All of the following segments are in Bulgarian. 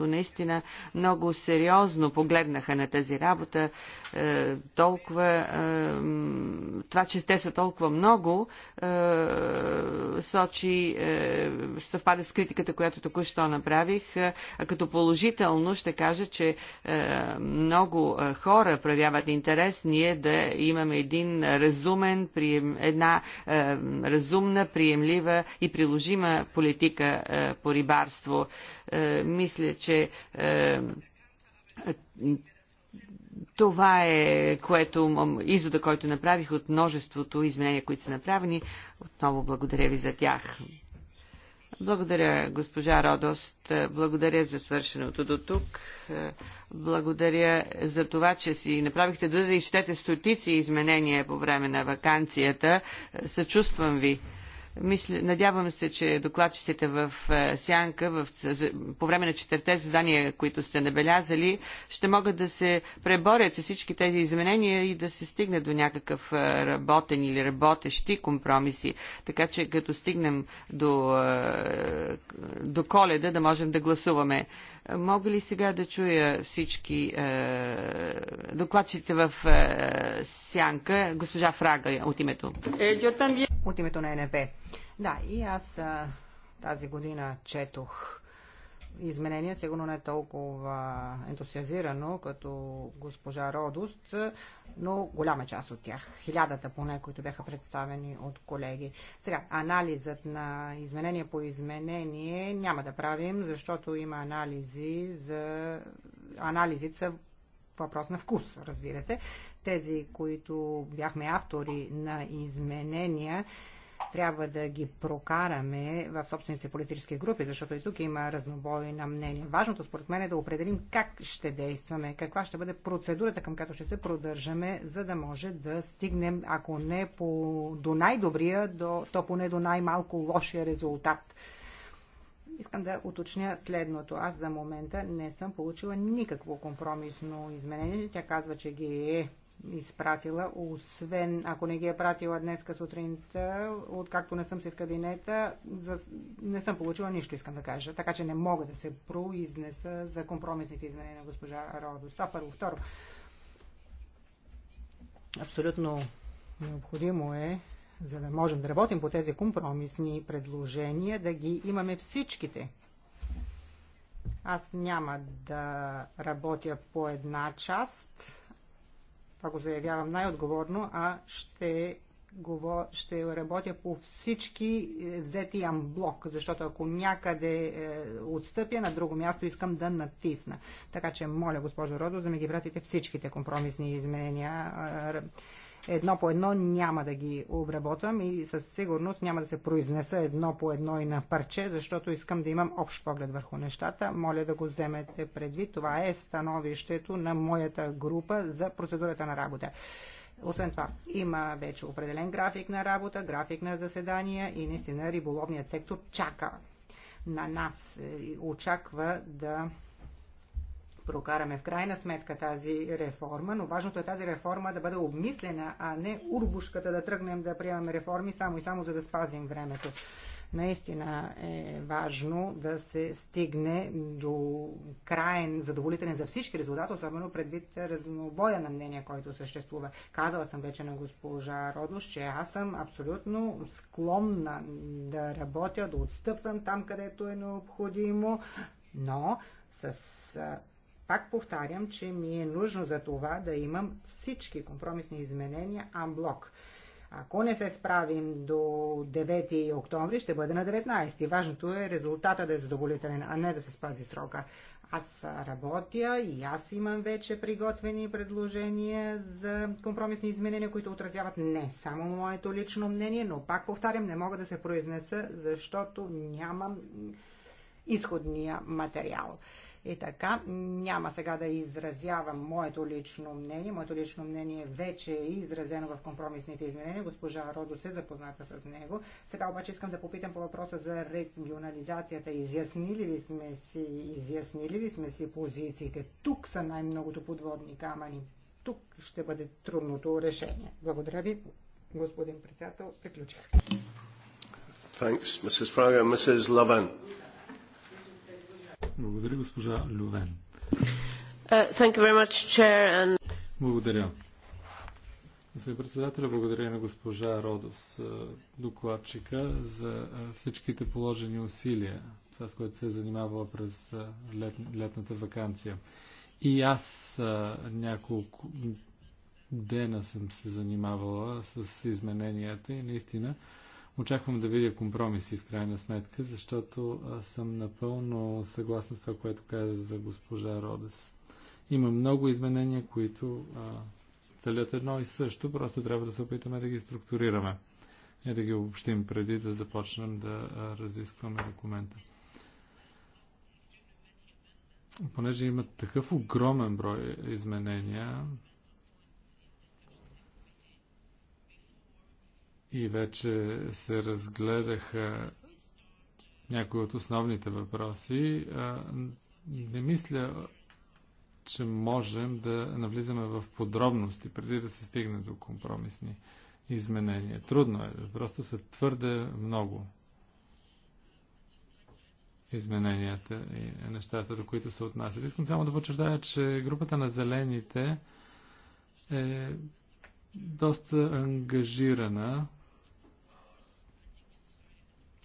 наистина много сериозно погледнаха на тази работа. Е, толкова, е, това, че те са толкова много, е, сочи, съвпада с критиката, която току-що направих. а като положително ще кажа, че много хора проявяват интерес ние да имаме един разумен, прием, една разумна, приемлива и приложима политика по рибарство. Е, мисля, че е, това е което, извода, който направих от множеството изменения, които са направени. Отново благодаря ви за тях. Благодаря, госпожа Родост. Благодаря за свършеното до тук. Е, благодаря за това, че си направихте да изчетете стотици изменения по време на вакансията. Съчувствам ви. Мисля, надявам се, че докладчиците в е, Сянка в, по време на четирте задания, които сте набелязали, ще могат да се преборят с всички тези изменения и да се стигне до някакъв е, работен или работещи компромиси. Така че като стигнем до, е, до коледа, да можем да гласуваме Мога ли сега да чуя всички е, докладчите в е, сянка? Госпожа Фрага от името. Е, От името на НВ. Да, и аз е, тази година четох изменения, сигурно не толкова ентусиазирано, като госпожа Родост, но голяма част от тях, хилядата поне, които бяха представени от колеги. Сега, анализът на изменение по изменение няма да правим, защото има анализи за... Анализите са въпрос на вкус, разбира се. Тези, които бяхме автори на изменения, трябва да ги прокараме в собствените политически групи, защото и тук има разнобой на мнение. Важното според мен е да определим как ще действаме, каква ще бъде процедурата, към която ще се продържаме, за да може да стигнем, ако не по, до най-добрия, до, то поне до най-малко лошия резултат. Искам да уточня следното. Аз за момента не съм получила никакво компромисно изменение. Тя казва, че ги е изпратила, освен ако не ги е пратила днеска сутринта, откакто не съм си в кабинета, за... не съм получила нищо, искам да кажа. Така че не мога да се произнеса за компромисните изменения на госпожа Родос. Това първо. Второ, абсолютно необходимо е за да можем да работим по тези компромисни предложения, да ги имаме всичките. Аз няма да работя по една част, това го заявявам най-отговорно, а ще, го, ще работя по всички е, взети амблок, защото ако някъде е, отстъпя, на друго място искам да натисна. Така че моля, госпожо Родо, да ми ги пратите всичките компромисни изменения. Е, едно по едно няма да ги обработвам и със сигурност няма да се произнеса едно по едно и на парче, защото искам да имам общ поглед върху нещата. Моля да го вземете предвид. Това е становището на моята група за процедурата на работа. Освен това, има вече определен график на работа, график на заседания и наистина риболовният сектор чака на нас. Очаква да прокараме в крайна сметка тази реформа, но важното е тази реформа да бъде обмислена, а не урбушката да тръгнем да приемаме реформи само и само за да спазим времето. Наистина е важно да се стигне до краен задоволителен за всички резултат, особено предвид разнобоя на мнение, който съществува. Казала съм вече на госпожа Родош, че аз съм абсолютно склонна да работя, да отстъпвам там, където е необходимо, но с пак повтарям, че ми е нужно за това да имам всички компромисни изменения амблок. Ако не се справим до 9 октомври, ще бъде на 19. Важното е резултата да е задоволителен, а не да се спази срока. Аз работя и аз имам вече приготвени предложения за компромисни изменения, които отразяват не само моето лично мнение, но пак повтарям, не мога да се произнеса, защото нямам изходния материал. И така, няма сега да изразявам моето лично мнение. Моето лично мнение вече е изразено в компромисните изменения. Госпожа Родо се запозната с него. Сега обаче искам да попитам по въпроса за регионализацията. Изяснили ли сме си, изяснили ли сме си позициите? Тук са най-многото подводни камъни. Тук ще бъде трудното решение. Благодаря ви, господин председател. Приключих. Thanks, Mrs. Fraga. Mrs. Благодаря, госпожа Лювен. Uh, благодаря. Господин председател, благодаря на госпожа Родос, uh, докладчика, за uh, всичките положени усилия, това с което се е занимавала през лет, летната вакансия. И аз няколко дена съм се занимавала с измененията и наистина Очаквам да видя компромиси в крайна сметка, защото съм напълно съгласен с това, което каза за госпожа Родес. Има много изменения, които а, целят едно и също, просто трябва да се опитаме да ги структурираме и да ги обобщим преди да започнем да разискваме документа. Понеже има такъв огромен брой изменения, и вече се разгледаха някои от основните въпроси. Не мисля, че можем да навлизаме в подробности преди да се стигне до компромисни изменения. Трудно е, просто са твърде много измененията и нещата, до които се отнасят. Искам само да подчертая, че групата на зелените е доста ангажирана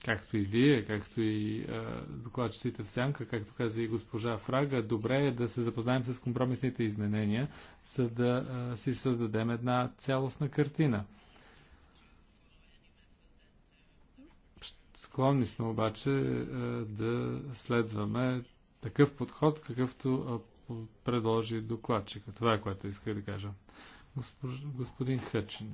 както и вие, както и а, докладчиците в сянка, както каза и госпожа Фрага, добре е да се запознаем с компромисните изменения, за да а, си създадем една цялостна картина. Склонни сме обаче а, да следваме такъв подход, какъвто а, предложи докладчика. Това е което иска да кажа. Госпож... Господин Хъчин.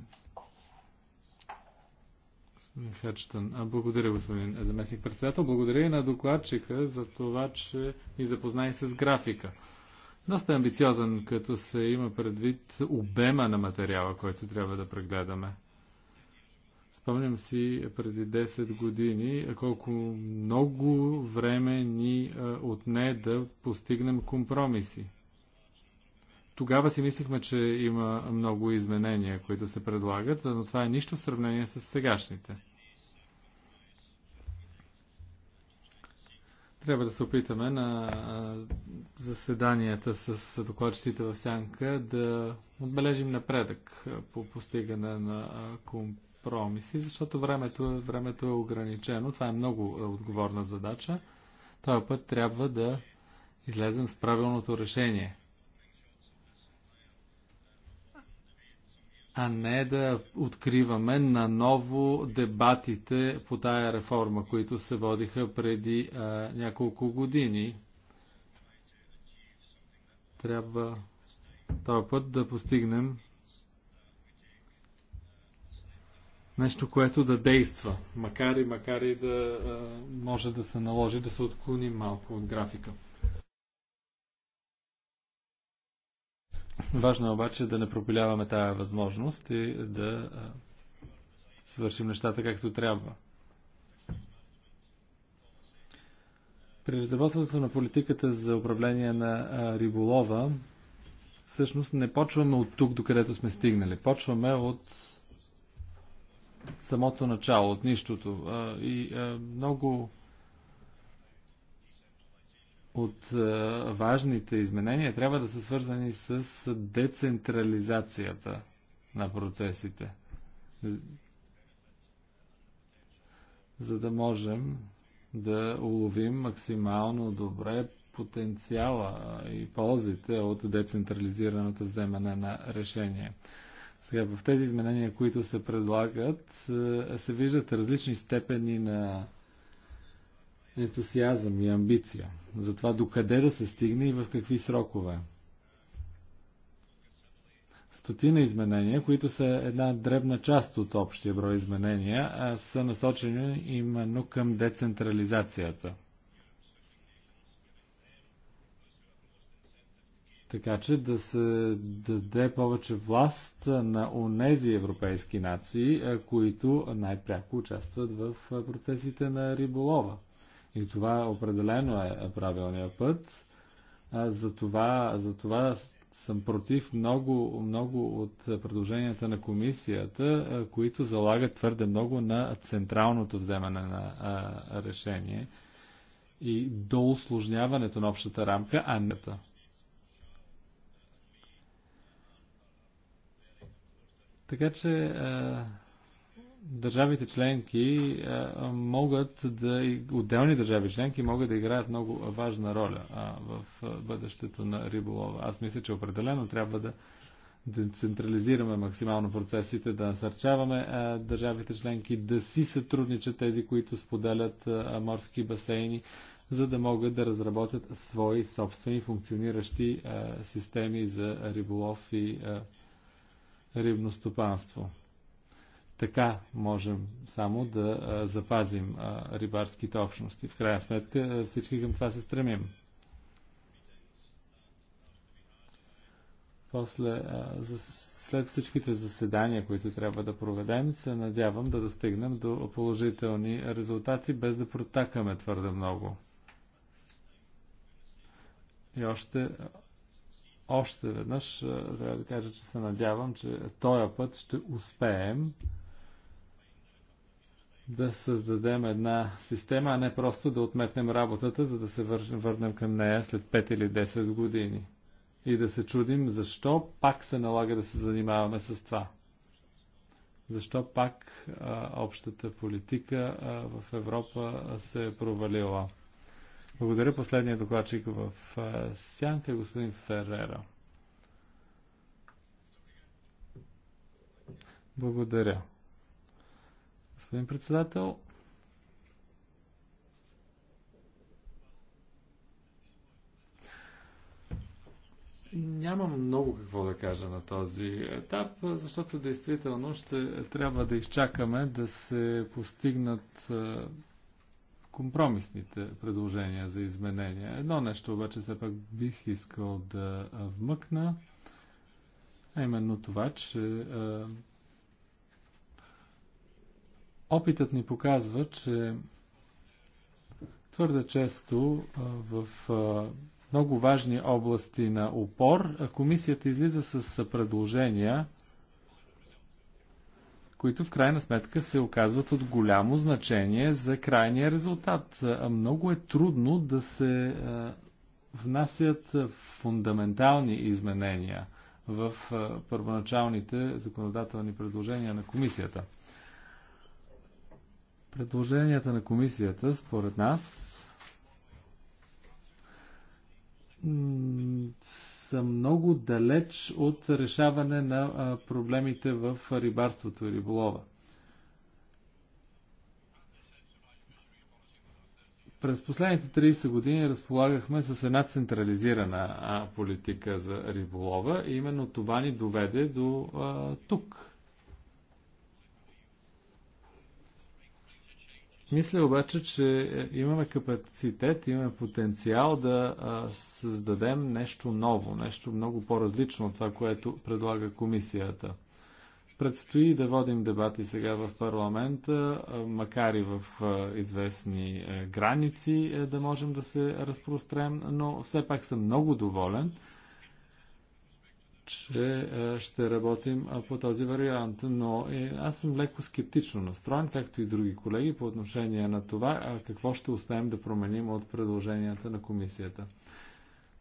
Хачтън. Благодаря, господин заместник председател. Благодаря и на докладчика за това, че ни запозна и с графика. Доста е амбициозен, като се има предвид обема на материала, който трябва да прегледаме. Спомням си преди 10 години колко много време ни отне да постигнем компромиси. Тогава си мислихме, че има много изменения, които се предлагат, но това е нищо в сравнение с сегашните. Трябва да се опитаме на заседанията с докладчиците в Сянка да отбележим напредък по постигане на компромиси, защото времето е, времето е ограничено. Това е много отговорна задача. Този път трябва да излезем с правилното решение – а не да откриваме наново дебатите по тая реформа, които се водиха преди а, няколко години. Трябва този път да постигнем нещо, което да действа, макар и, макар и да а, може да се наложи да се отклоним малко от графика. Важно е обаче да не пропиляваме тая възможност и да свършим нещата както трябва. При разработването на политиката за управление на риболова, всъщност не почваме от тук, докъдето сме стигнали. Почваме от самото начало, от нищото. И много от е, важните изменения трябва да са свързани с децентрализацията на процесите, за да можем да уловим максимално добре потенциала и ползите от децентрализираното вземане на решение. Сега в тези изменения, които се предлагат, е, се виждат различни степени на ентусиазъм и амбиция за това докъде да се стигне и в какви срокове. Стотина изменения, които са една дребна част от общия брой изменения, а са насочени именно към децентрализацията. Така че да се даде повече власт на онези европейски нации, които най-пряко участват в процесите на риболова. И това определено е правилният път. За това, за това съм против много, много от предложенията на комисията, които залагат твърде много на централното вземане на а, решение и до усложняването на общата рамка, а не Така че а, държавите членки е, могат да, отделни държави членки могат да играят много важна роля в е, бъдещето на риболова. Аз мисля, че определено трябва да децентрализираме максимално процесите, да насърчаваме а, е, държавите членки да си сътрудничат тези, които споделят а, морски басейни, за да могат да разработят свои собствени функциониращи а, системи за риболов и рибно стопанство. Така можем само да запазим рибарските общности. В крайна сметка всички към това се стремим. После, за, след всичките заседания, които трябва да проведем, се надявам да достигнем до положителни резултати, без да протакаме твърде много. И още, още веднъж трябва да кажа, че се надявам, че този път ще успеем да създадем една система, а не просто да отметнем работата, за да се върнем към нея след 5 или 10 години. И да се чудим защо пак се налага да се занимаваме с това. Защо пак а, общата политика а, в Европа се е провалила. Благодаря последния докладчик в а, Сянка, е господин Ферера. Благодаря. Господин председател, Нямам много какво да кажа на този етап, защото действително ще трябва да изчакаме да се постигнат компромисните предложения за изменения. Едно нещо обаче все пак бих искал да вмъкна, а именно това, че Опитът ни показва, че твърде често в много важни области на упор, комисията излиза с предложения, които в крайна сметка се оказват от голямо значение за крайния резултат. Много е трудно да се внасят фундаментални изменения в първоначалните законодателни предложения на комисията. Предложенията на комисията, според нас, са много далеч от решаване на проблемите в рибарството и риболова. През последните 30 години разполагахме с една централизирана политика за риболова и именно това ни доведе до тук. Мисля обаче, че е, имаме капацитет, имаме потенциал да създадем нещо ново, нещо много по-различно от това, което предлага комисията. Предстои да водим дебати сега в парламента, макар и в известни е, граници е, да можем да се разпрострем, но все пак съм много доволен, че ще работим по този вариант. Но е, аз съм леко скептично настроен, както и други колеги, по отношение на това какво ще успеем да променим от предложенията на комисията.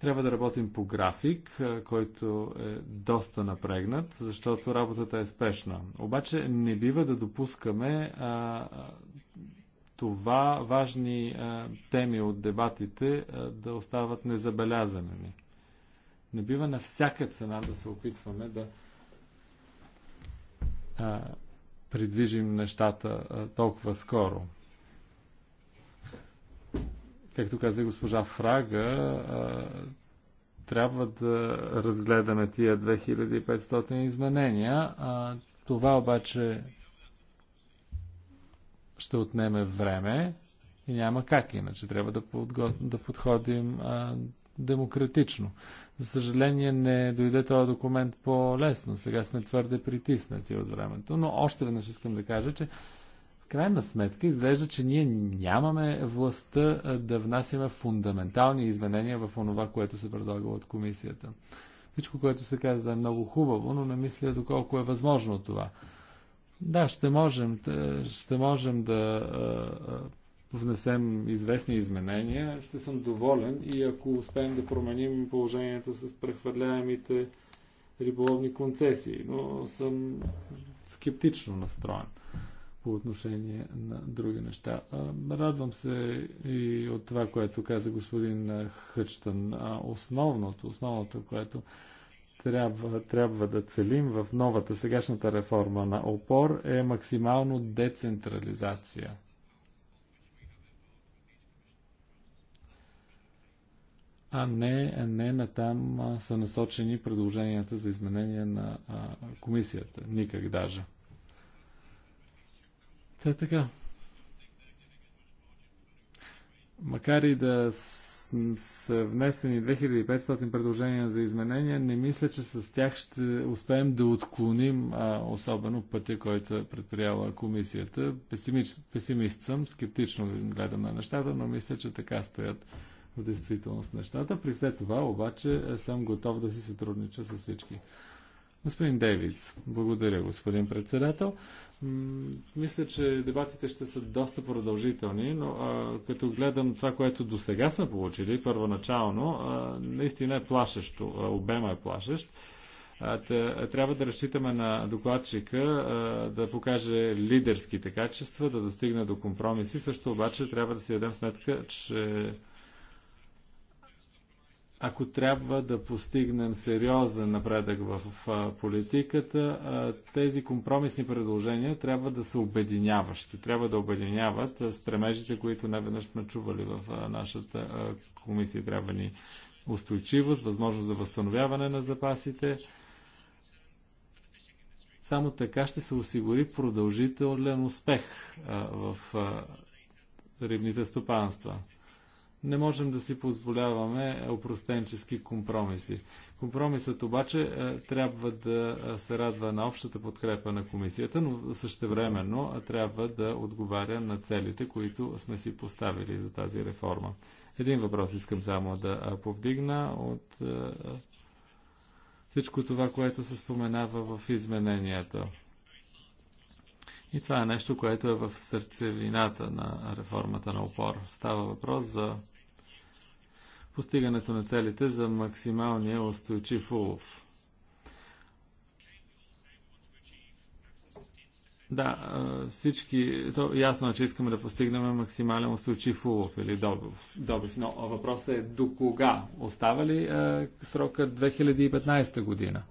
Трябва да работим по график, който е доста напрегнат, защото работата е спешна. Обаче не бива да допускаме а, това важни а, теми от дебатите а, да остават незабелязани не бива на всяка цена да се опитваме да а, придвижим нещата а, толкова скоро. Както каза госпожа Фрага, а, трябва да разгледаме тия 2500 изменения. А, това обаче ще отнеме време и няма как иначе. Трябва да, подго... да подходим а, демократично. За съжаление не дойде този документ по-лесно. Сега сме твърде притиснати от времето. Но още веднъж искам да кажа, че в крайна сметка изглежда, че ние нямаме властта да внасяме фундаментални изменения в онова, което се предлага от комисията. Всичко, което се казва, е много хубаво, но не мисля доколко е възможно това. Да, ще можем, ще можем да внесем известни изменения, ще съм доволен и ако успеем да променим положението с прехвърляемите риболовни концесии, но съм скептично настроен по отношение на други неща. Радвам се и от това, което каза господин Хъчтън. Основното, основното, което трябва, трябва да целим в новата сегашната реформа на ОПОР е максимално децентрализация – а не, не на там а, са насочени предложенията за изменение на а, комисията. Никак даже. Та така. Макар и да са внесени 2500 предложения за изменения, не мисля, че с тях ще успеем да отклоним а, особено пътя, който е предприяла комисията. Песимист, песимист съм, скептично гледам на нещата, но мисля, че така стоят в действителност нещата. При все това обаче е съм готов да си сътруднича с всички. Господин Дейвис, благодаря, господин председател. Мисля, че дебатите ще са доста продължителни, но а, като гледам това, което до сега сме получили, първоначално, а, наистина е плашещо. А, обема е плашещ. А, тъ, трябва да разчитаме на докладчика а, да покаже лидерските качества, да достигне до компромиси. Също обаче трябва да си дадем сметка, че ако трябва да постигнем сериозен напредък в политиката, тези компромисни предложения трябва да са обединяващи. Трябва да обединяват стремежите, които не веднъж сме чували в нашата комисия. Трябва ни устойчивост, възможност за възстановяване на запасите. Само така ще се осигури продължителен успех в рибните стопанства не можем да си позволяваме опростенчески компромиси. Компромисът обаче е, трябва да се радва на общата подкрепа на комисията, но същевременно трябва да отговаря на целите, които сме си поставили за тази реформа. Един въпрос искам само да повдигна от е, всичко това, което се споменава в измененията. И това е нещо, което е в сърцевината на реформата на опор. Става въпрос за постигането на целите за максималния устойчив улов. Да, всички, то ясно е, че искаме да постигнем максимален устойчив улов или добив, добив но въпросът е до кога? Остава ли е, срока 2015 година?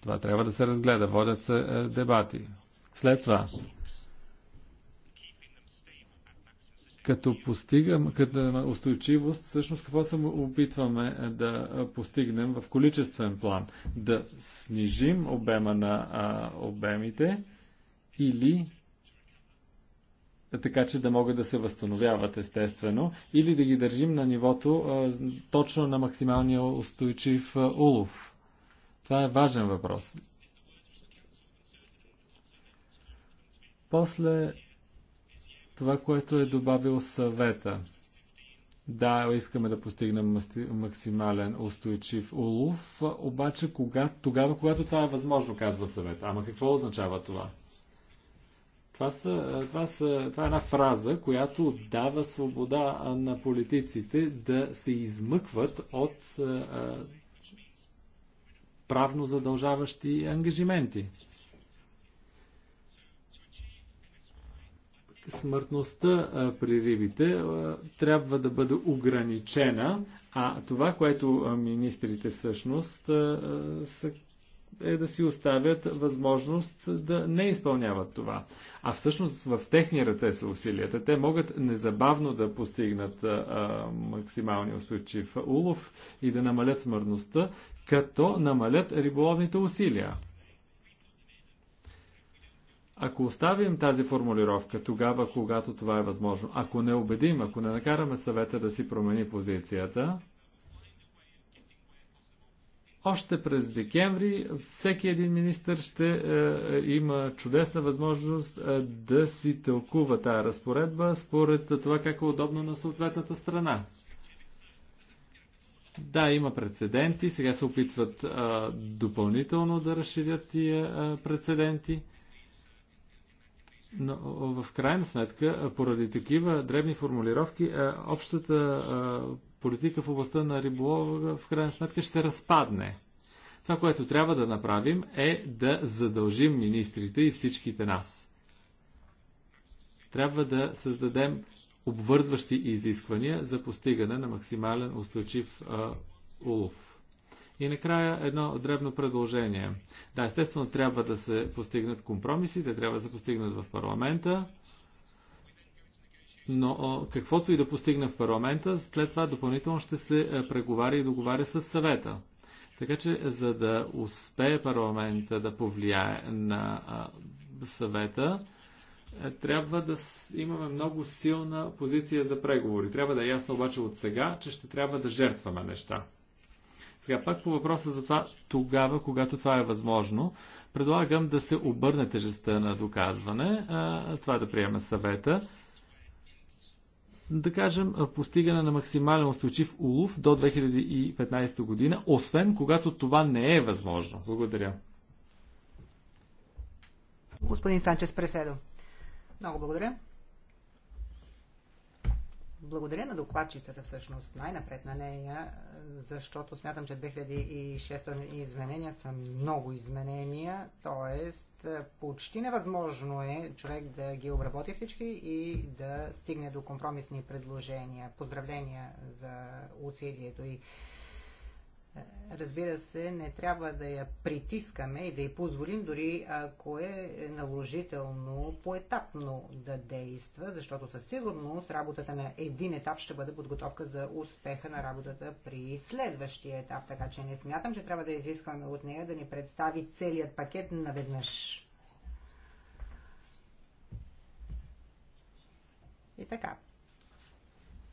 Това трябва да се разгледа, водят се е, дебати. След това, Като постигам като устойчивост, всъщност какво се опитваме е да постигнем в количествен план? Да снижим обема на а, обемите или така че да могат да се възстановяват естествено, или да ги държим на нивото а, точно на максималния устойчив а, улов. Това е важен въпрос. После това, което е добавил съвета. Да, искаме да постигнем максимален устойчив улов, обаче кога, тогава, когато това е възможно, казва съвета. Ама какво означава това? Това, са, това, са, това е една фраза, която дава свобода на политиците да се измъкват от а, правно задължаващи ангажименти. смъртността при рибите трябва да бъде ограничена, а това, което министрите всъщност са е да си оставят възможност да не изпълняват това. А всъщност в техни ръце са усилията. Те могат незабавно да постигнат максималния устойчив улов и да намалят смъртността, като намалят риболовните усилия. Ако оставим тази формулировка тогава, когато това е възможно, ако не убедим, ако не накараме съвета да си промени позицията, още през декември всеки един министр ще е, е, има чудесна възможност е, да си тълкува тази разпоредба според това как е удобно на съответната страна. Да, има прецеденти, сега се опитват е, допълнително да разширят тия е, прецеденти. Но в крайна сметка, поради такива дребни формулировки, общата политика в областта на риболова в крайна сметка ще се разпадне. Това, което трябва да направим е да задължим министрите и всичките нас. Трябва да създадем обвързващи изисквания за постигане на максимален устойчив а, улов. И накрая едно дребно предложение. Да, естествено трябва да се постигнат компромиси, те трябва да се постигнат в парламента, но каквото и да постигне в парламента, след това допълнително ще се е, преговаря и договаря с съвета. Така че, за да успее парламента да повлияе на съвета, е, трябва да имаме много силна позиция за преговори. Трябва да е ясно обаче от сега, че ще трябва да жертваме неща. Сега пак по въпроса за това, тогава, когато това е възможно, предлагам да се обърне тежестта на доказване, а, това да приеме съвета, да кажем, постигане на максимален устойчив улов до 2015 година, освен когато това не е възможно. Благодаря. Господин Санчес Преседо. Много благодаря. Благодаря на докладчицата всъщност, най-напред на нея, защото смятам, че 2600 изменения са много изменения, т.е. почти невъзможно е човек да ги обработи всички и да стигне до компромисни предложения. Поздравления за усилието и Разбира се, не трябва да я притискаме и да й позволим, дори ако е наложително поетапно да действа, защото със сигурност работата на един етап ще бъде подготовка за успеха на работата при следващия етап, така че не смятам, че трябва да изискваме от нея да ни представи целият пакет наведнъж. И така.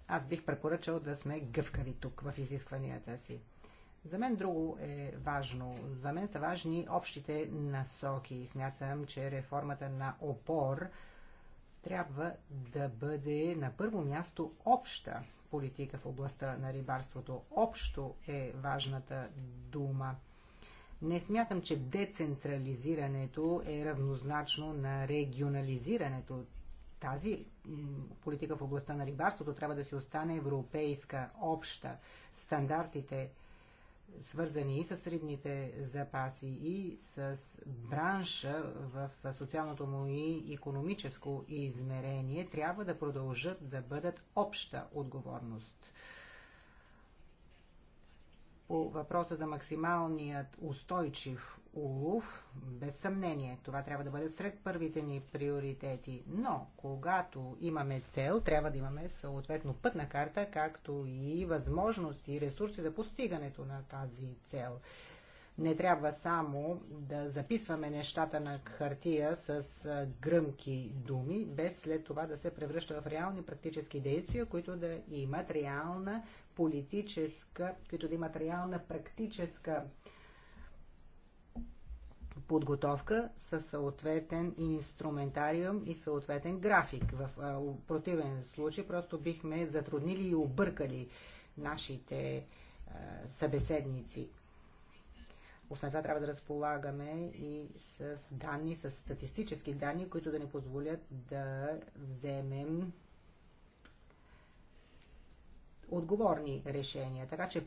Аз бих препоръчал да сме гъвкави тук в изискванията си. За мен друго е важно. За мен са важни общите насоки. Смятам, че реформата на опор трябва да бъде на първо място обща политика в областта на рибарството. Общо е важната дума. Не смятам, че децентрализирането е равнозначно на регионализирането. Тази политика в областта на рибарството трябва да си остане европейска, обща. Стандартите свързани и с рибните запаси, и с бранша в социалното му и економическо измерение, трябва да продължат да бъдат обща отговорност. По въпроса за максималният устойчив улов, без съмнение, това трябва да бъде сред първите ни приоритети. Но, когато имаме цел, трябва да имаме съответно пътна карта, както и възможности и ресурси за постигането на тази цел. Не трябва само да записваме нещата на хартия с гръмки думи, без след това да се превръща в реални практически действия, които да имат реална политическа, които да имат реална практическа подготовка със съответен инструментариум и съответен график. В противен случай просто бихме затруднили и объркали нашите събеседници. Освен това трябва да разполагаме и с данни, с статистически данни, които да ни позволят да вземем отговорни решения. Така че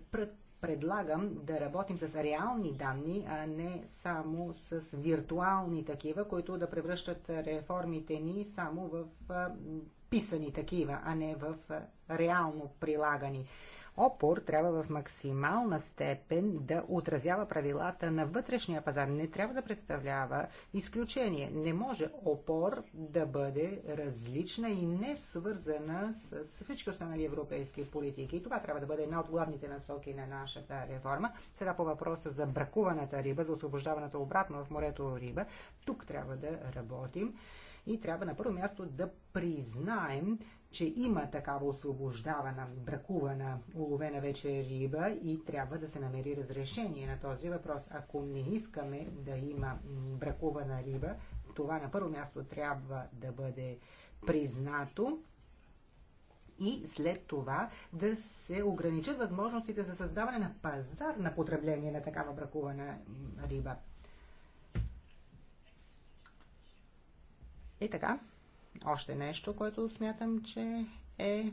предлагам да работим с реални данни, а не само с виртуални такива, които да превръщат реформите ни само в писани такива, а не в реално прилагани опор трябва в максимална степен да отразява правилата на вътрешния пазар. Не трябва да представлява изключение. Не може опор да бъде различна и не свързана с всички останали европейски политики. И това трябва да бъде една от главните насоки на нашата реформа. Сега по въпроса за бракуваната риба, за освобождаваната обратно в морето риба, тук трябва да работим и трябва на първо място да признаем, че има такава освобождавана, бракувана, уловена вече риба и трябва да се намери разрешение на този въпрос. Ако не искаме да има бракувана риба, това на първо място трябва да бъде признато и след това да се ограничат възможностите за създаване на пазар на потребление на такава бракувана риба. И е така, още нещо, което смятам, че е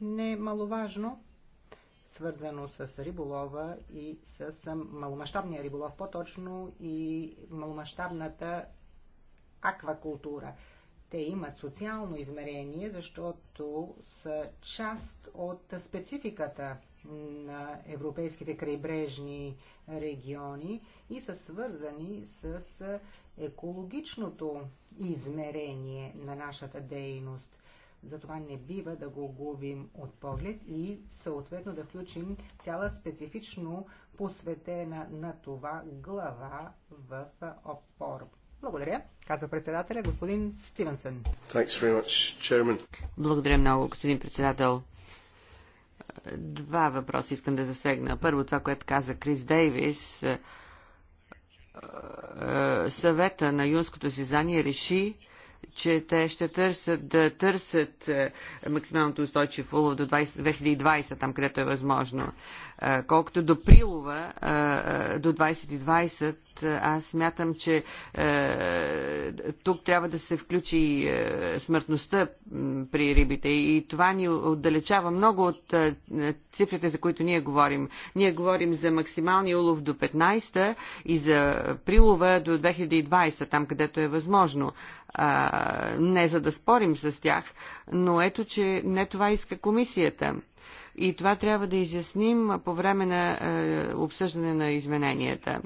немаловажно, свързано с риболова и с маломащабния риболов, по-точно и маломащабната аквакултура. Те имат социално измерение, защото са част от спецификата на европейските крайбрежни региони и са свързани с екологичното измерение на нашата дейност. Затова не бива да го губим от поглед и съответно да включим цяла специфично посветена на това глава в опор. Благодаря, казва председателя господин Стивенсън. Благодаря много, господин председател. Два въпроса искам да засегна. Първо това, което каза Крис Дейвис. Е, е, съвета на юнското сезание реши че те ще търсят да търсят е, максималното устойчив улов до 20, 2020, там където е възможно. Е, колкото до прилова е, до 2020, аз смятам, че тук трябва да се включи смъртността при рибите и това ни отдалечава много от цифрите, за които ние говорим. Ние говорим за максималния улов до 15 и за прилова до 2020, там където е възможно а, не за да спорим с тях, но ето, че не това иска комисията. И това трябва да изясним по време на е, обсъждане на измененията.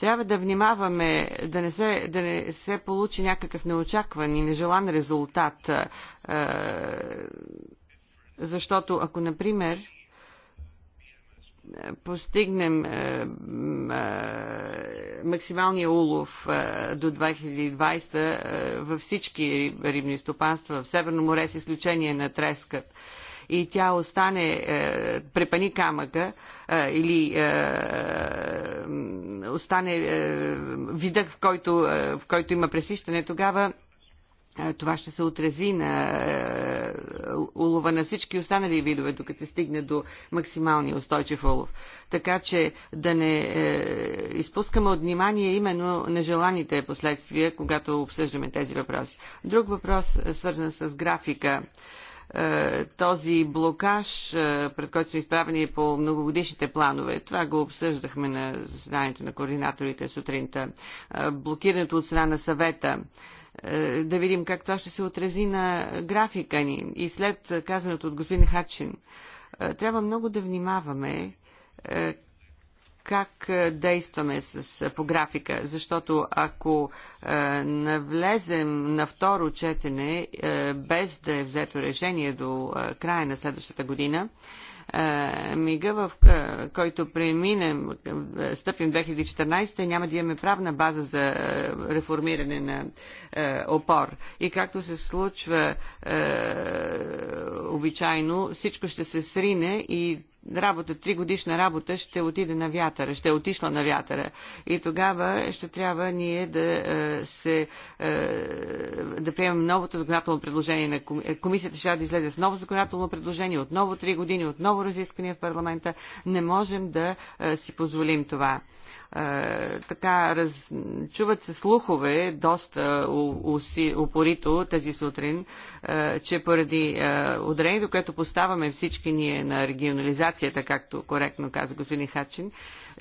Трябва да внимаваме да не се, да не се получи някакъв неочакван и нежелан резултат. Е, защото ако, например, постигнем е, е, максималния улов е, до 2020 във всички рибни стопанства в Северно море с изключение на треска, и тя остане е, препани камъка е, или е, остане е, в който, е, в който има пресищане, тогава е, това ще се отрази на е, улова на всички останали видове, докато се стигне до максималния устойчив улов. Така че да не е, изпускаме от внимание именно нежеланите последствия, когато обсъждаме тези въпроси. Друг въпрос, свързан с графика този блокаж, пред който сме изправени по многогодишните планове. Това го обсъждахме на заседанието на координаторите сутринта. Блокирането от страна на съвета е, да видим как това ще се отрази на графика ни. И след казаното от господин Хачин, е, трябва много да внимаваме е, как действаме с, по графика, защото ако е, навлезем на второ четене, е, без да е взето решение до е, края на следващата година, е, мига в е, който преминем, стъпим 2014, няма да имаме правна база за реформиране на е, опор. И както се случва е, обичайно, всичко ще се срине и работа, три годишна работа ще отиде на вятъра, ще е отишла на вятъра. И тогава ще трябва ние да е, се е, да приемем новото законодателно предложение на комисията ще да излезе с ново законодателно предложение, отново три години, отново разисквания в парламента. Не можем да е, си позволим това. Е, така раз... чуват се слухове доста упорито тази сутрин, е, че поради е, ударението, което поставаме всички ние на регионализацията, както коректно каза господин Хачин,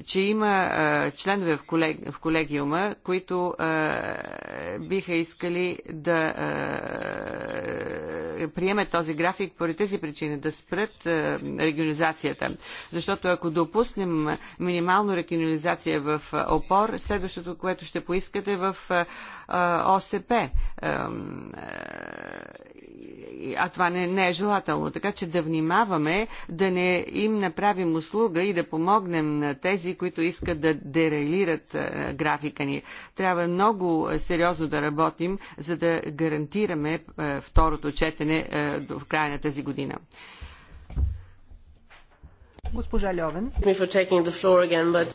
че има а, членове в, колег, в колегиума, които а, биха искали да а, приемат този график поради тези причини, да спрат а, регионализацията. Защото ако допуснем минимално регионализация в опор, следващото, което ще поискате е в а, ОСП. а, а това не, не е желателно. Така че да внимаваме, да не им направим услуга и да помогнем на тези, които искат да дерайлират графика ни. Трябва много сериозно да работим, за да гарантираме второто четене в края на тази година. Госпожа Льовен.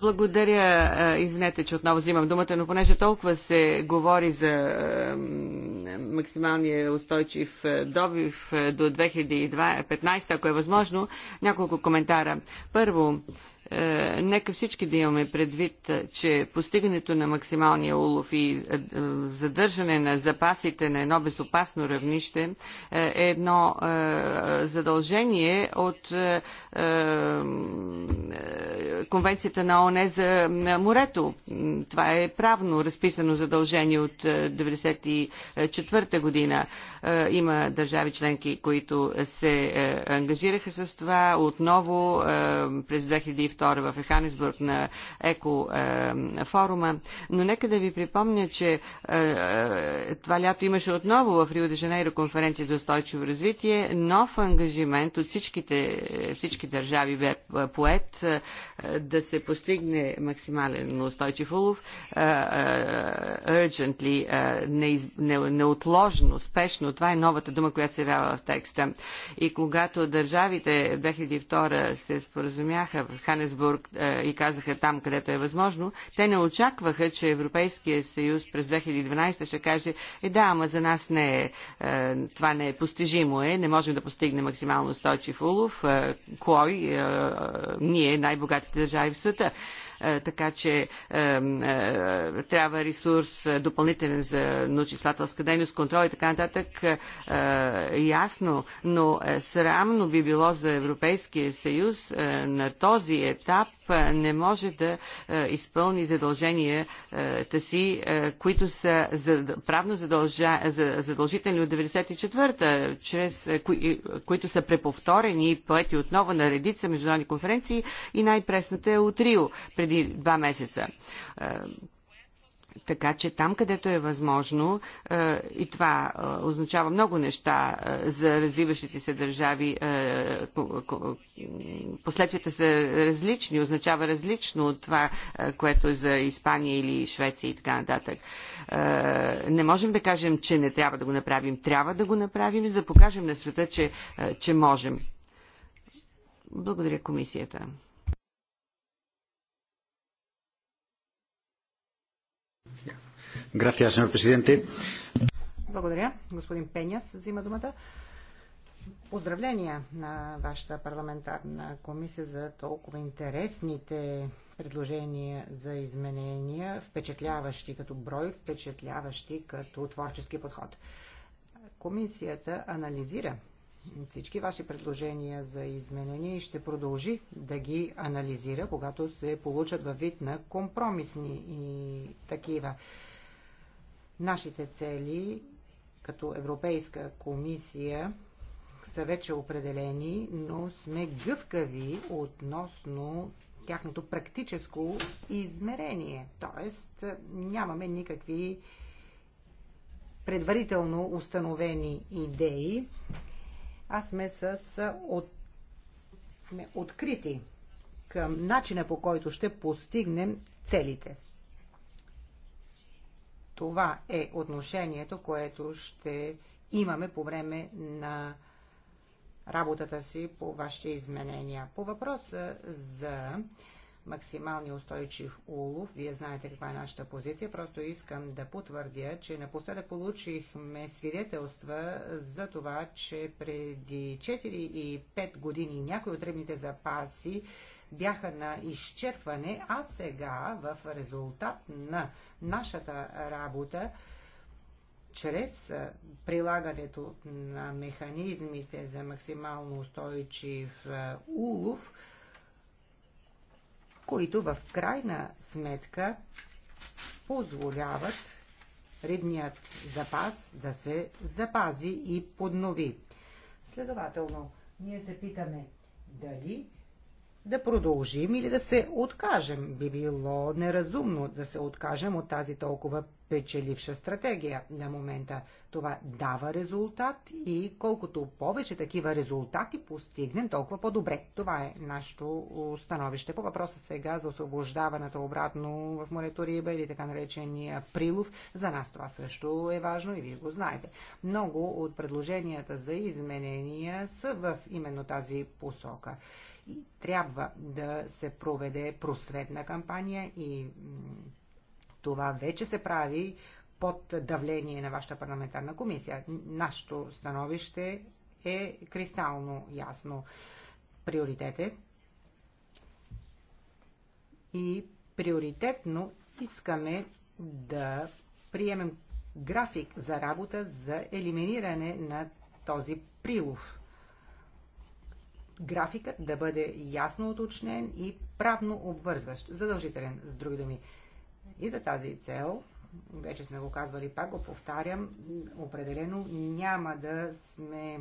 Благодаря, извинете, че отново взимам думата, но понеже толкова се говори за максималния устойчив добив до 2015, ако е възможно, няколко коментара. Първо, е, нека всички да имаме предвид, че постигането на максималния улов и е, е, задържане на запасите на едно безопасно равнище е едно задължение от Конвенцията на ОНЕ за морето. Това е правно разписано задължение от 1994 година. Има държави членки, които се ангажираха с това отново през 2002 2 в Еханисбург на Еко е, форума. Но нека да ви припомня, че е, е, това лято имаше отново в Рио де Жанейро конференция за устойчиво развитие. Нов ангажимент от всичките, всички държави бе е, поет е, да се постигне максимален устойчив улов. Е, е, urgently, е, неиз, не, неотложно, спешно. Това е новата дума, която се явява в текста. И когато държавите 2002 се споразумяха в Ханес Йоханесбург е, и казаха там, където е възможно, те не очакваха, че Европейския съюз през 2012 ще каже, е да, ама за нас не е, е, това не е постижимо е, не можем да постигнем максимално устойчив улов, е, кой, ние, най-богатите държави в света. Е, така че е, е, трябва ресурс допълнителен за научислателска дейност, контрол и така нататък. Ясно, но срамно би било за Европейския съюз на този етап не може да изпълни задълженията си, които са правно задължа, задължителни от 94-та, чрез, кои, които са преповторени и поети отново на редица международни конференции и най-пресната е от Рио. Преди преди два месеца. Е, така че там, където е възможно, е, и това е, означава много неща за развиващите се държави, последствията са различни, означава различно от това, което е за Испания или Швеция и така нататък. Не можем да кажем, че не трябва да го направим. Трябва да го направим, за да покажем на света, че, че можем. Благодаря комисията. Gracias, presidente. Благодаря. Господин Пеняс взима думата. Поздравления на вашата парламентарна комисия за толкова интересните предложения за изменения, впечатляващи като брой, впечатляващи като творчески подход. Комисията анализира всички ваши предложения за изменения и ще продължи да ги анализира, когато се получат във вид на компромисни и такива. Нашите цели като Европейска комисия са вече определени, но сме гъвкави относно тяхното практическо измерение. Тоест, нямаме никакви предварително установени идеи, а сме, с, от, сме открити към начина по който ще постигнем целите. Това е отношението, което ще имаме по време на работата си по вашите изменения. По въпроса за максималния устойчив улов, вие знаете каква е нашата позиция, просто искам да потвърдя, че напоследък получихме свидетелства за това, че преди 4 и 5 години някои от рибните запаси бяха на изчерпване, а сега в резултат на нашата работа чрез прилагането на механизмите за максимално устойчив улов, които в крайна сметка позволяват рибният запас да се запази и поднови. Следователно, ние се питаме дали да продължим или да се откажем. Би било неразумно да се откажем от тази толкова печеливша стратегия на момента. Това дава резултат и колкото повече такива резултати постигнем, толкова по-добре. Това е нашето становище по въпроса сега за освобождаването обратно в морето Риба или така наречения прилов. За нас това също е важно и вие го знаете. Много от предложенията за изменения са в именно тази посока. И трябва да се проведе просветна кампания и това вече се прави под давление на вашата парламентарна комисия. Нашето становище е кристално ясно. Приоритете. и приоритетно искаме да приемем график за работа за елиминиране на този прилов графикът да бъде ясно уточнен и правно обвързващ, задължителен, с други думи. И за тази цел, вече сме го казвали, пак го повтарям, определено няма да сме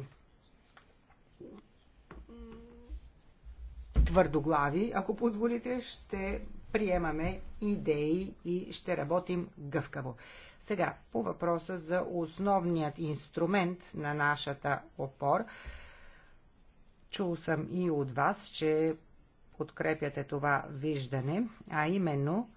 твърдоглави, ако позволите, ще приемаме идеи и ще работим гъвкаво. Сега, по въпроса за основният инструмент на нашата опор – Чул съм и от вас, че подкрепяте това виждане, а именно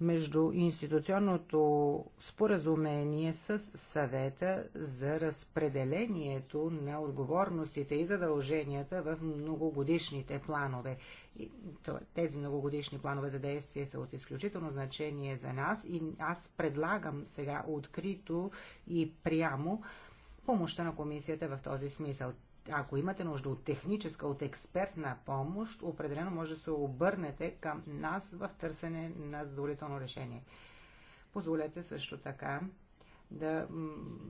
между институционното споразумение с съвета за разпределението на отговорностите и задълженията в многогодишните планове. Тези многогодишни планове за действие са от изключително значение за нас и аз предлагам сега открито и прямо помощта на комисията в този смисъл ако имате нужда от техническа, от експертна помощ, определено може да се обърнете към нас в търсене на задоволително решение. Позволете също така да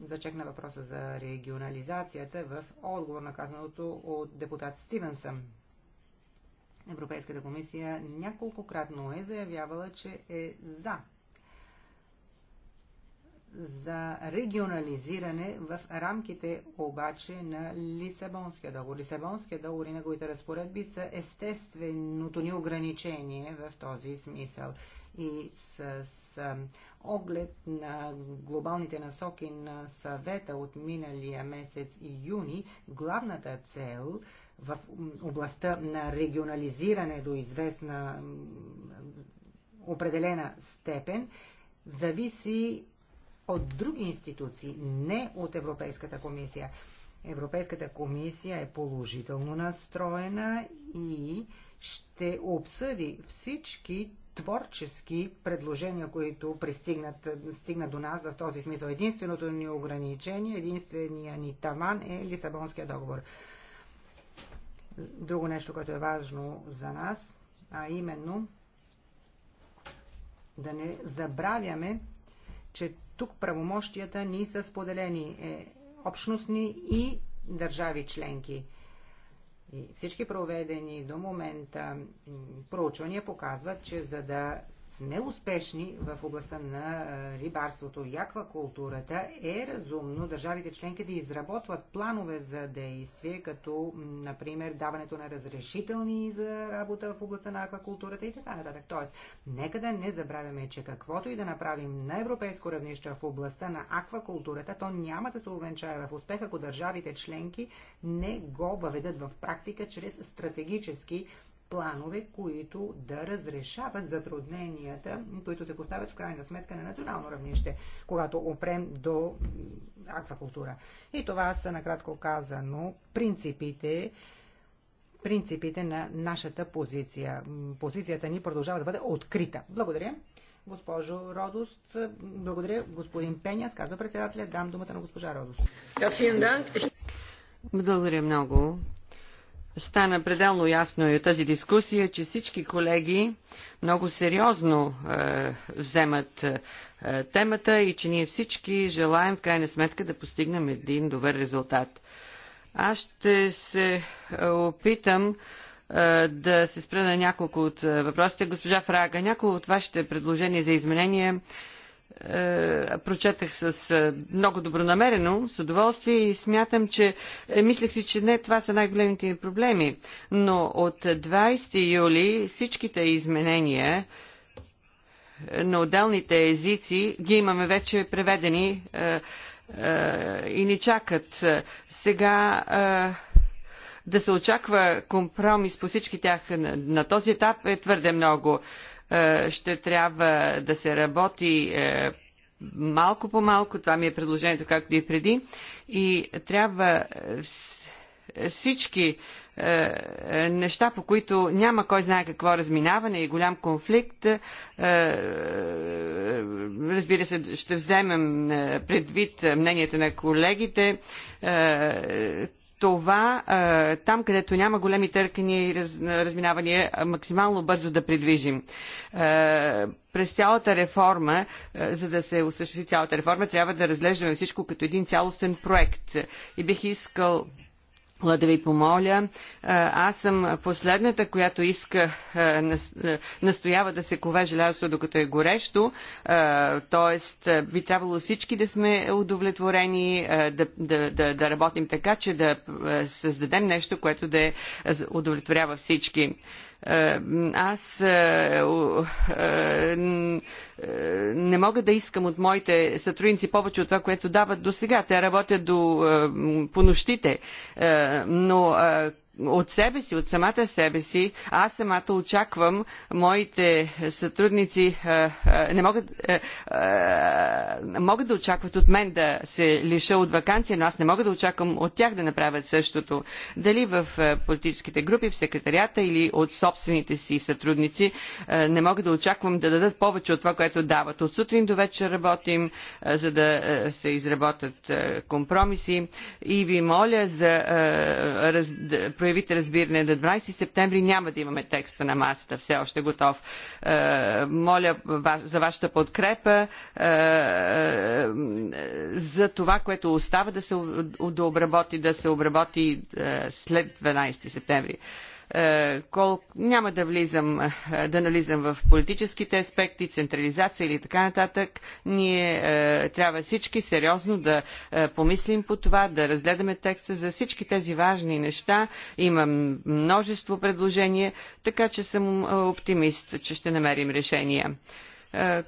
зачекна въпроса за регионализацията в отговор на казаното от депутат Стивенсън. Европейската комисия няколкократно е заявявала, че е за за регионализиране в рамките обаче на Лисабонския договор. Лисабонския договор и неговите разпоредби са естественото ни ограничение в този смисъл. И с, с оглед на глобалните насоки на съвета от миналия месец и юни, главната цел в областта на регионализиране до известна определена степен зависи от други институции, не от Европейската комисия. Европейската комисия е положително настроена и ще обсъди всички творчески предложения, които пристигнат стигнат до нас в този смисъл. Единственото ни ограничение, единствения ни таван е Лисабонския договор. Друго нещо, което е важно за нас, а именно да не забравяме, че тук правомощията ни са споделени е, общностни и държави членки. И всички проведени до момента проучвания показват, че за да неуспешни в областта на рибарството и аквакултурата, е разумно държавите членки да изработват планове за действие, като, например, даването на разрешителни за работа в областта на аквакултурата и така нататък. Тоест, нека да не забравяме, че каквото и да направим на европейско равнище в областта на аквакултурата, то няма да се увенчае в успех, ако държавите членки не го въведат в практика чрез стратегически планове, които да разрешават затрудненията, които се поставят в крайна сметка на национално равнище, когато опрем до аквакултура. И това са накратко казано принципите, принципите на нашата позиция. Позицията ни продължава да бъде открита. Благодаря. Госпожо Родост, благодаря. Господин Пеняс, каза председателя, дам думата на госпожа Родост. Благодаря много стана пределно ясно и от тази дискусия, че всички колеги много сериозно е, вземат е, темата и че ние всички желаем в крайна сметка да постигнем един добър резултат. Аз ще се е, опитам е, да се спра на няколко от е, въпросите. Госпожа Фрага, няколко от вашите предложения за изменения е, прочетах с е, много добронамерено, с удоволствие и смятам, че е, мислех си, че не това са най-големите ни проблеми. Но от 20 юли всичките изменения на отделните езици ги имаме вече преведени е, е, и ни чакат. Сега е, да се очаква компромис по всички тях на, на този етап е твърде много. Е, е, ще трябва да се работи е, малко по малко. Това ми е предложението, както и преди. И трябва е, всички неща, по които няма кой знае какво разминаване и голям конфликт. Разбира се, ще вземем предвид мнението на колегите това там, където няма големи търкани и раз, разминавания, максимално бързо да придвижим. През цялата реформа, за да се осъществи цялата реформа, трябва да разглеждаме всичко като един цялостен проект. И бих искал Мога да ви помоля. Аз съм последната, която иска, настоява да се кове желязо, докато е горещо. Тоест, би трябвало всички да сме удовлетворени, да, да, да, да работим така, че да създадем нещо, което да е удовлетворява всички. Е, аз е, е, не мога да искам от моите сътрудници повече от това, което дават до сега. Те работят до, по нощите, но от себе си, от самата себе си, аз самата очаквам моите сътрудници, не могат, могат да очакват от мен да се лиша от вакансия, но аз не мога да очаквам от тях да направят същото. Дали в политическите групи, в секретарията или от собствените си сътрудници, не мога да очаквам да дадат повече от това, което дават. От сутрин до вечер работим, за да се изработят компромиси и ви моля за раз проявите разбиране. На 12 септември няма да имаме текста на масата, все още готов. Е, моля за вашата подкрепа е, е, за това, което остава да се обработи, да се обработи след 12 септември. Е, кол... Няма да влизам, е, да нализам в политическите аспекти, централизация или така нататък. Ние е, трябва всички сериозно да помислим по това, да разгледаме текста за всички тези важни неща. Имам множество предложения, така че съм оптимист, че ще намерим решения.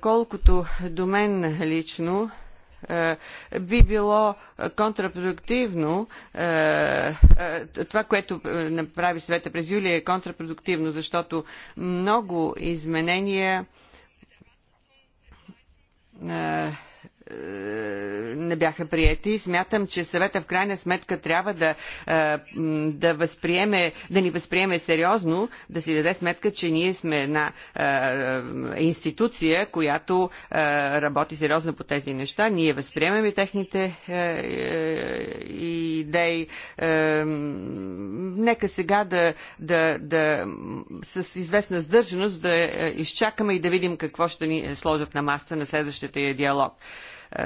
Колкото до мен лично, е, би било е, контрапродуктивно. Е, това, което направи света през юли е контрапродуктивно, защото много изменения е, не бяха прияти. Смятам, че съвета в крайна сметка трябва да, е, да, възприеме, да ни възприеме сериозно, да си даде сметка, че ние сме една е, институция, която работи сериозно по тези неща. Ние възприемаме техните идеи. Нека сега да, да, да с известна сдържаност да изчакаме и да видим какво ще ни сложат на маста на следващата диалог.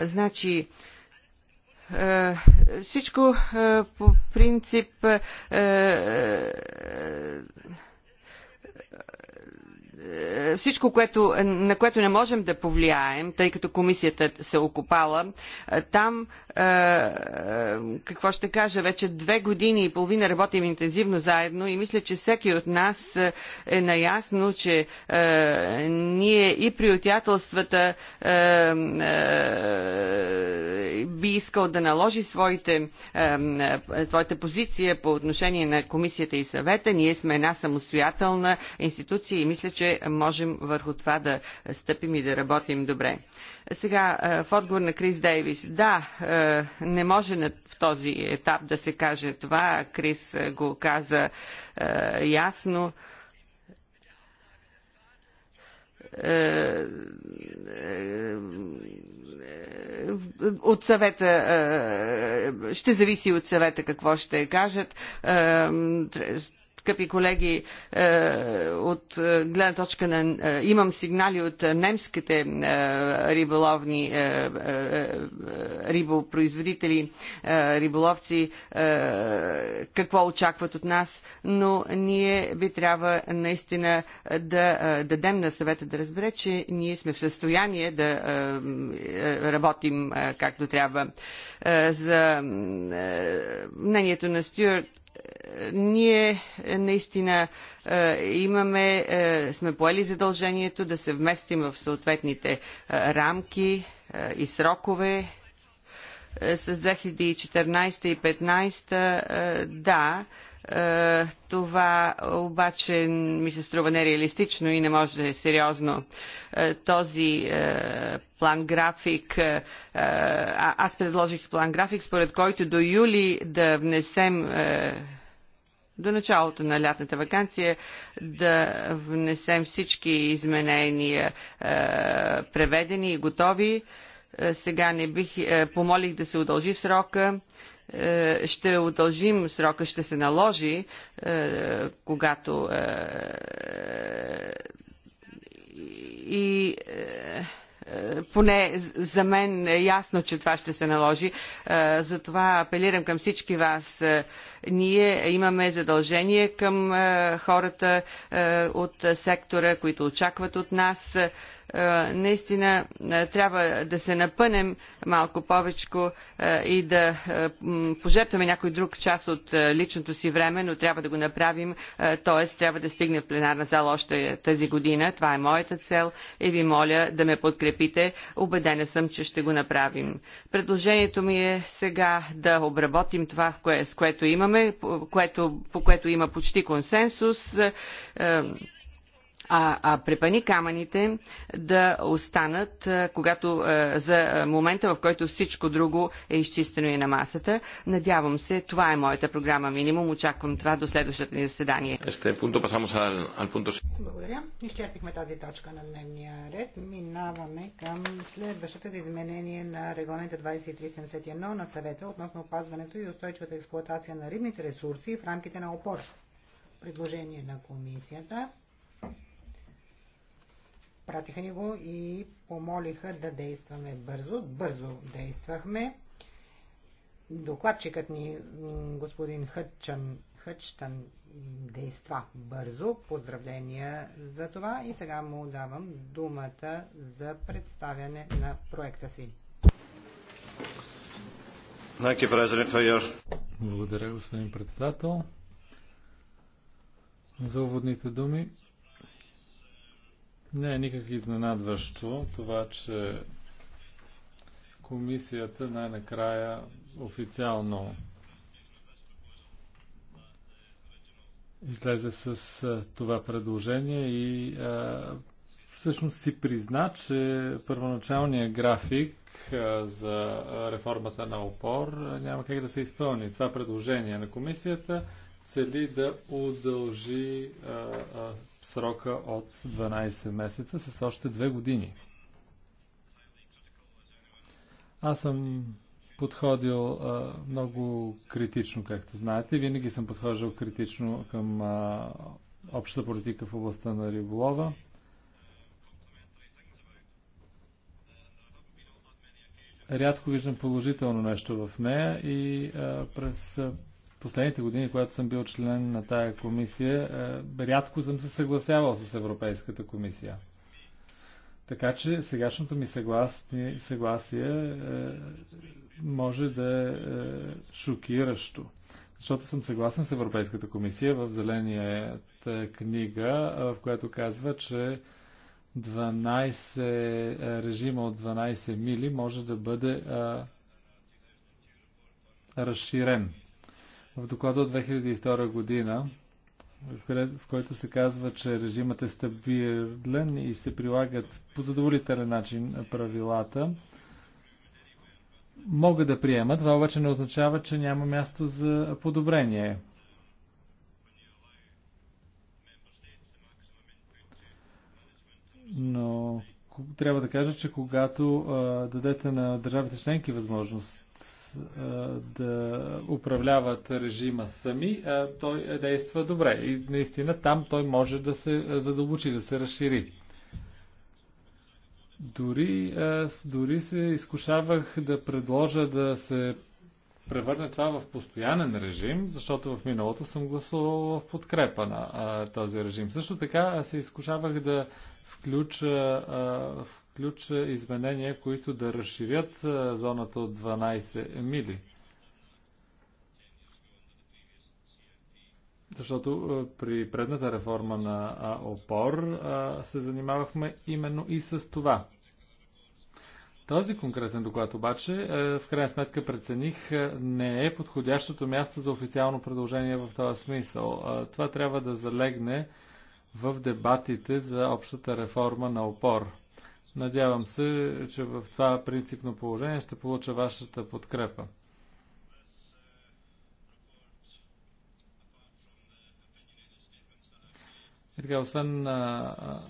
Значи, всичко по принцип е, всичко, което, на което не можем да повлияем, тъй като комисията се окопала, е, там, е, какво ще кажа, вече две години и половина работим интензивно заедно и мисля, че всеки от нас е наясно, че ние и приятелствата би искал да наложи своите, своята позиция по отношение на комисията и съвета. Ние сме една самостоятелна институция и мисля, че можем върху това да стъпим и да работим добре. Сега, в отговор на Крис Дейвис. Да, не може в този етап да се каже това. Крис го каза ясно от съвета, ще зависи от съвета какво ще кажат скъпи колеги, е, от е, гледна точка на... Е, имам сигнали от немските риболовни рибопроизводители, риболовци, какво очакват от нас, но ние би трябва наистина да дадем на съвета да разбере, че ние сме в състояние да работим както трябва. За мнението на Стюарт ние е, наистина е, имаме, е, сме поели задължението да се вместим в съответните рамки и срокове. С 2014 и 2015, да, е, това обаче ми се струва нереалистично и не може да е сериозно. Е, този е, план график, аз предложих план график, според който до юли да внесем до началото на лятната вакансия да внесем всички изменения преведени и готови. Сега не бих, помолих да се удължи срока е, ще удължим срока, ще се наложи, е, когато е, и поне за мен е ясно, че това ще се наложи. Затова апелирам към всички вас. Ние имаме задължение към хората от сектора, които очакват от нас е, наистина е, трябва да се напънем малко повече и да е, пожертваме някой друг част от личното си време, но трябва да го направим, т.е. трябва да стигне в пленарна зала още тази година. Това е моята цел и ви моля да ме подкрепите. Обедена съм, че ще го направим. Предложението ми е сега да обработим това, с което имаме, по което има почти консенсус а, а препани камъните да останат, а, когато а, за момента, в който всичко друго е изчистено и на масата. Надявам се, това е моята програма минимум. Очаквам това до следващото ни заседание. Благодаря. Изчерпихме тази точка на дневния ред. Минаваме към следващата за изменение на регламента 2371 на съвета относно опазването и устойчивата експлуатация на рибните ресурси в рамките на опор. Предложение на комисията пратиха ни го и помолиха да действаме бързо. Бързо действахме. Докладчикът ни, господин Хътчан, Хъчтан, действа бързо. Поздравления за това и сега му давам думата за представяне на проекта си. Благодаря, господин председател, за уводните думи. Не е никак изненадващо това, че комисията най-накрая официално излезе с това предложение и а, всъщност си призна, че първоначалният график а, за реформата на опор а, няма как да се изпълни. Това предложение на комисията цели да удължи а, а, срока от 12 месеца с още 2 години. Аз съм подходил а, много критично, както знаете. Винаги съм подхождал критично към а, общата политика в областта на риболова. Рядко виждам положително нещо в нея и а, през последните години, когато съм бил член на тая комисия, е, рядко съм се съгласявал с Европейската комисия. Така че сегашното ми съгласие, съгласие може да е, е шокиращо. Защото съм съгласен с Европейската комисия в зеления е, книга, в която казва, че 12 режима от 12 мили може да бъде а, разширен в доклада от 2002 година, в който се казва, че режимът е стабилен и се прилагат по задоволителен начин правилата, могат да приемат. Това обаче не означава, че няма място за подобрение. Но трябва да кажа, че когато а, дадете на държавите членки възможност да управляват режима сами, той действа добре. И наистина там той може да се задълбочи, да се разшири. Дори, дори се изкушавах да предложа да се превърне това в постоянен режим, защото в миналото съм гласувал в подкрепа на а, този режим. Също така се изкушавах да включа, а, включа изменения, които да разширят а, зоната от 12 мили. Защото при предната реформа на ОПОР се занимавахме именно и с това. Този конкретен доклад обаче, е, в крайна сметка прецених, е, не е подходящото място за официално предложение в този смисъл. Е, това трябва да залегне в дебатите за общата реформа на опор. Надявам се, че в това принципно положение ще получа вашата подкрепа. И така, освен а,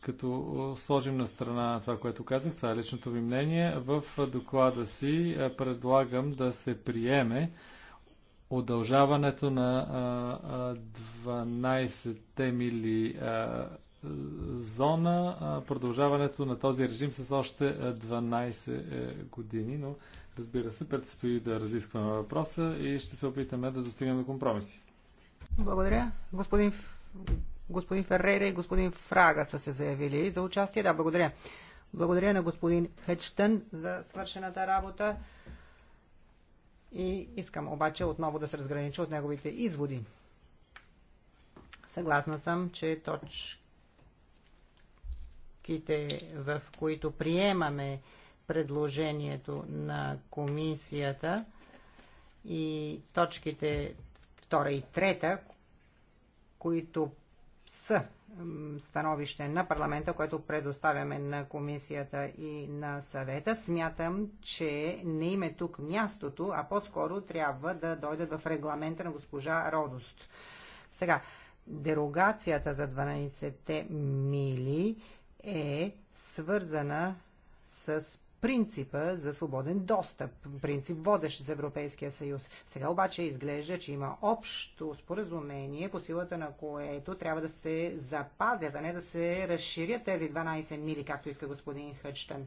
като сложим на страна това, което казах, това е личното ви мнение, в доклада си предлагам да се приеме удължаването на 12-те мили зона, продължаването на този режим с още 12 е, години, но разбира се, предстои да разискваме въпроса и ще се опитаме да достигнем до компромиси. Благодаря. Господин господин Феррейра и господин Фрага са се заявили за участие. Да, благодаря. Благодаря на господин Хечтън за свършената работа и искам обаче отново да се разгранича от неговите изводи. Съгласна съм, че точките, в които приемаме предложението на комисията и точките втора и трета, които с становище на парламента, което предоставяме на комисията и на съвета, смятам, че не им е тук мястото, а по-скоро трябва да дойдат в регламента на госпожа Родост. Сега, дерогацията за 12 мили е свързана с принципа за свободен достъп, принцип водещ за Европейския съюз. Сега обаче изглежда, че има общо споразумение, по силата на което трябва да се запазят, а не да се разширят тези 12 мили, както иска господин Хъчтен.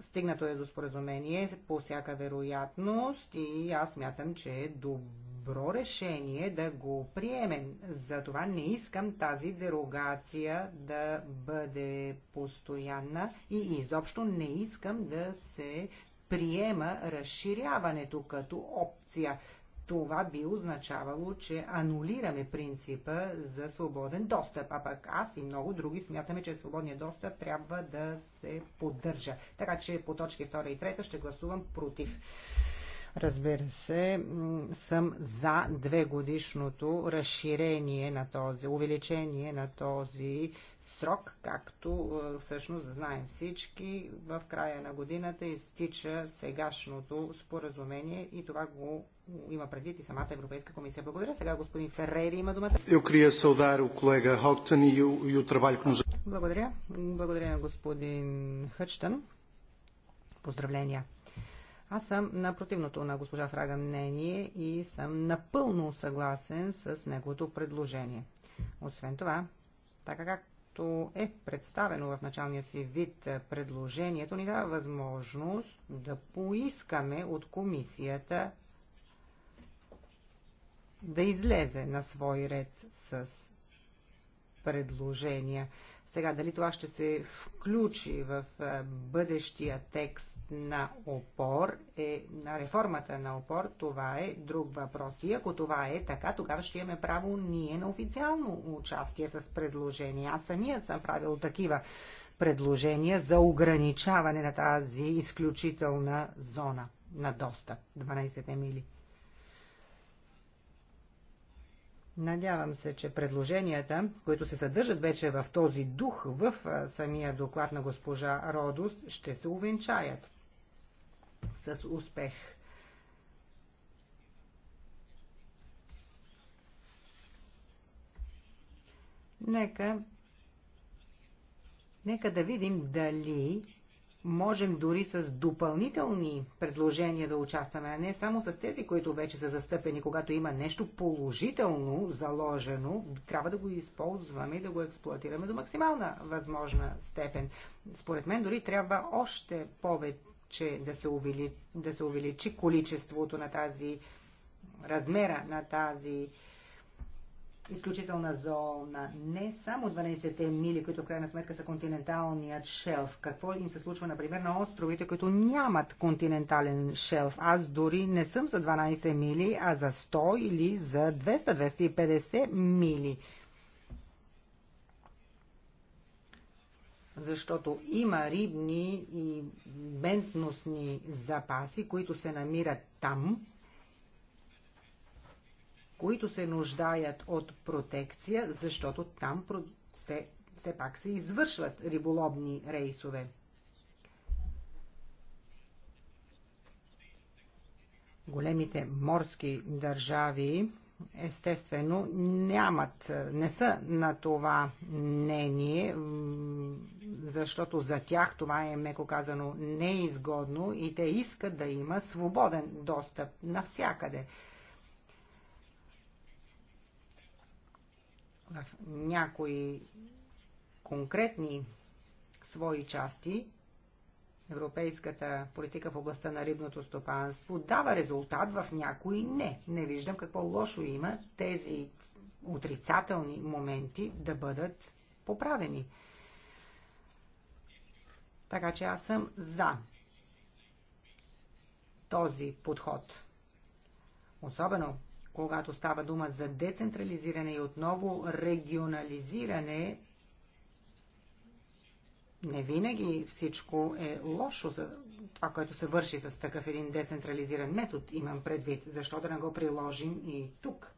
Стигнато е до споразумение по всяка вероятност и аз мятам, че е добре добро решение да го приемем. Затова не искам тази дерогация да бъде постоянна и изобщо не искам да се приема разширяването като опция. Това би означавало, че анулираме принципа за свободен достъп, а пък аз и много други смятаме, че свободният достъп трябва да се поддържа. Така че по точки 2 и 3 ще гласувам против. Разбира се, съм за две годишното разширение на този, увеличение на този срок, както е, всъщност знаем всички, в края на годината изтича сегашното споразумение и това го има предвид и самата Европейска комисия. Благодаря. Сега господин Феррери има думата. Eu queria saudar o colega o e e trabalho que nos... Благодаря. Благодаря на господин Хъчтън. Поздравления. Аз съм на противното на госпожа Фрага мнение и съм напълно съгласен с неговото предложение. Освен това, така както е представено в началния си вид предложението, ни дава възможност да поискаме от комисията да излезе на свой ред с предложения. Сега, дали това ще се включи в е, бъдещия текст на опор, е, на реформата на опор, това е друг въпрос. И ако това е така, тогава ще имаме право ние на официално участие с предложения. Аз самият съм правил такива предложения за ограничаване на тази изключителна зона на достъп 12 мили. Надявам се, че предложенията, които се съдържат вече в този дух в самия доклад на госпожа Родус, ще се увенчаят с успех. Нека, нека да видим дали можем дори с допълнителни предложения да участваме, а не само с тези, които вече са застъпени. Когато има нещо положително заложено, трябва да го използваме и да го експлуатираме до максимална възможна степен. Според мен дори трябва още повече да се увеличи, да се увеличи количеството на тази размера на тази изключителна зона, не само 12-те мили, които в крайна сметка са континенталният шелф. Какво им се случва, например, на островите, които нямат континентален шелф? Аз дори не съм за 12 мили, а за 100 или за 200-250 мили. защото има рибни и бентностни запаси, които се намират там, които се нуждаят от протекция, защото там се, все пак се извършват риболовни рейсове. Големите морски държави естествено нямат, не са на това мнение, защото за тях това е, меко казано, неизгодно и те искат да има свободен достъп навсякъде. в някои конкретни свои части европейската политика в областта на рибното стопанство дава резултат, в някои не. Не виждам какво лошо има тези отрицателни моменти да бъдат поправени. Така че аз съм за този подход. Особено когато става дума за децентрализиране и отново регионализиране, не винаги всичко е лошо за това, което се върши с такъв един децентрализиран метод, имам предвид. Защо да не го приложим и тук?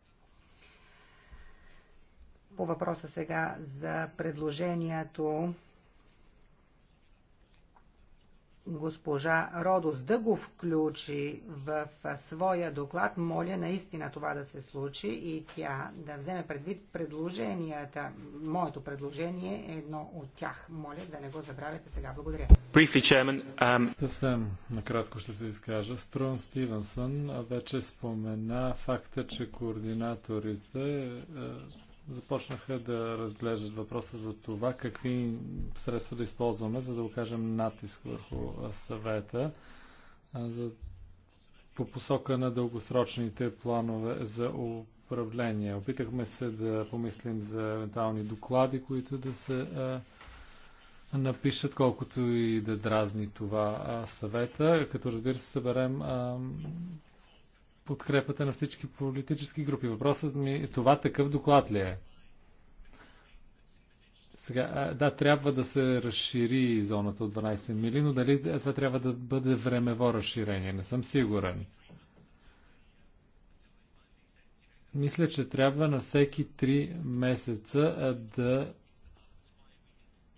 По въпроса сега за предложението госпожа Родос да го включи в своя доклад. Моля наистина това да се случи и тя да вземе предвид предложенията. Моето предложение е едно от тях. Моля да не го забравяте сега. Благодаря. Briefly, chairman, um... Съвсем накратко ще се изкажа. Струн Стивенсън вече спомена факта, че координаторите е, започнаха да разглеждат въпроса за това какви средства да използваме, за да окажем натиск върху съвета за, по посока на дългосрочните планове за управление. Опитахме се да помислим за евентуални доклади, които да се а, напишат, колкото и да дразни това а, съвета, като разбира се съберем а, подкрепата на всички политически групи. Въпросът ми е това такъв доклад ли е? Сега, да, трябва да се разшири зоната от 12 мили, но дали това трябва да бъде времево разширение? Не съм сигурен. Мисля, че трябва на всеки 3 месеца да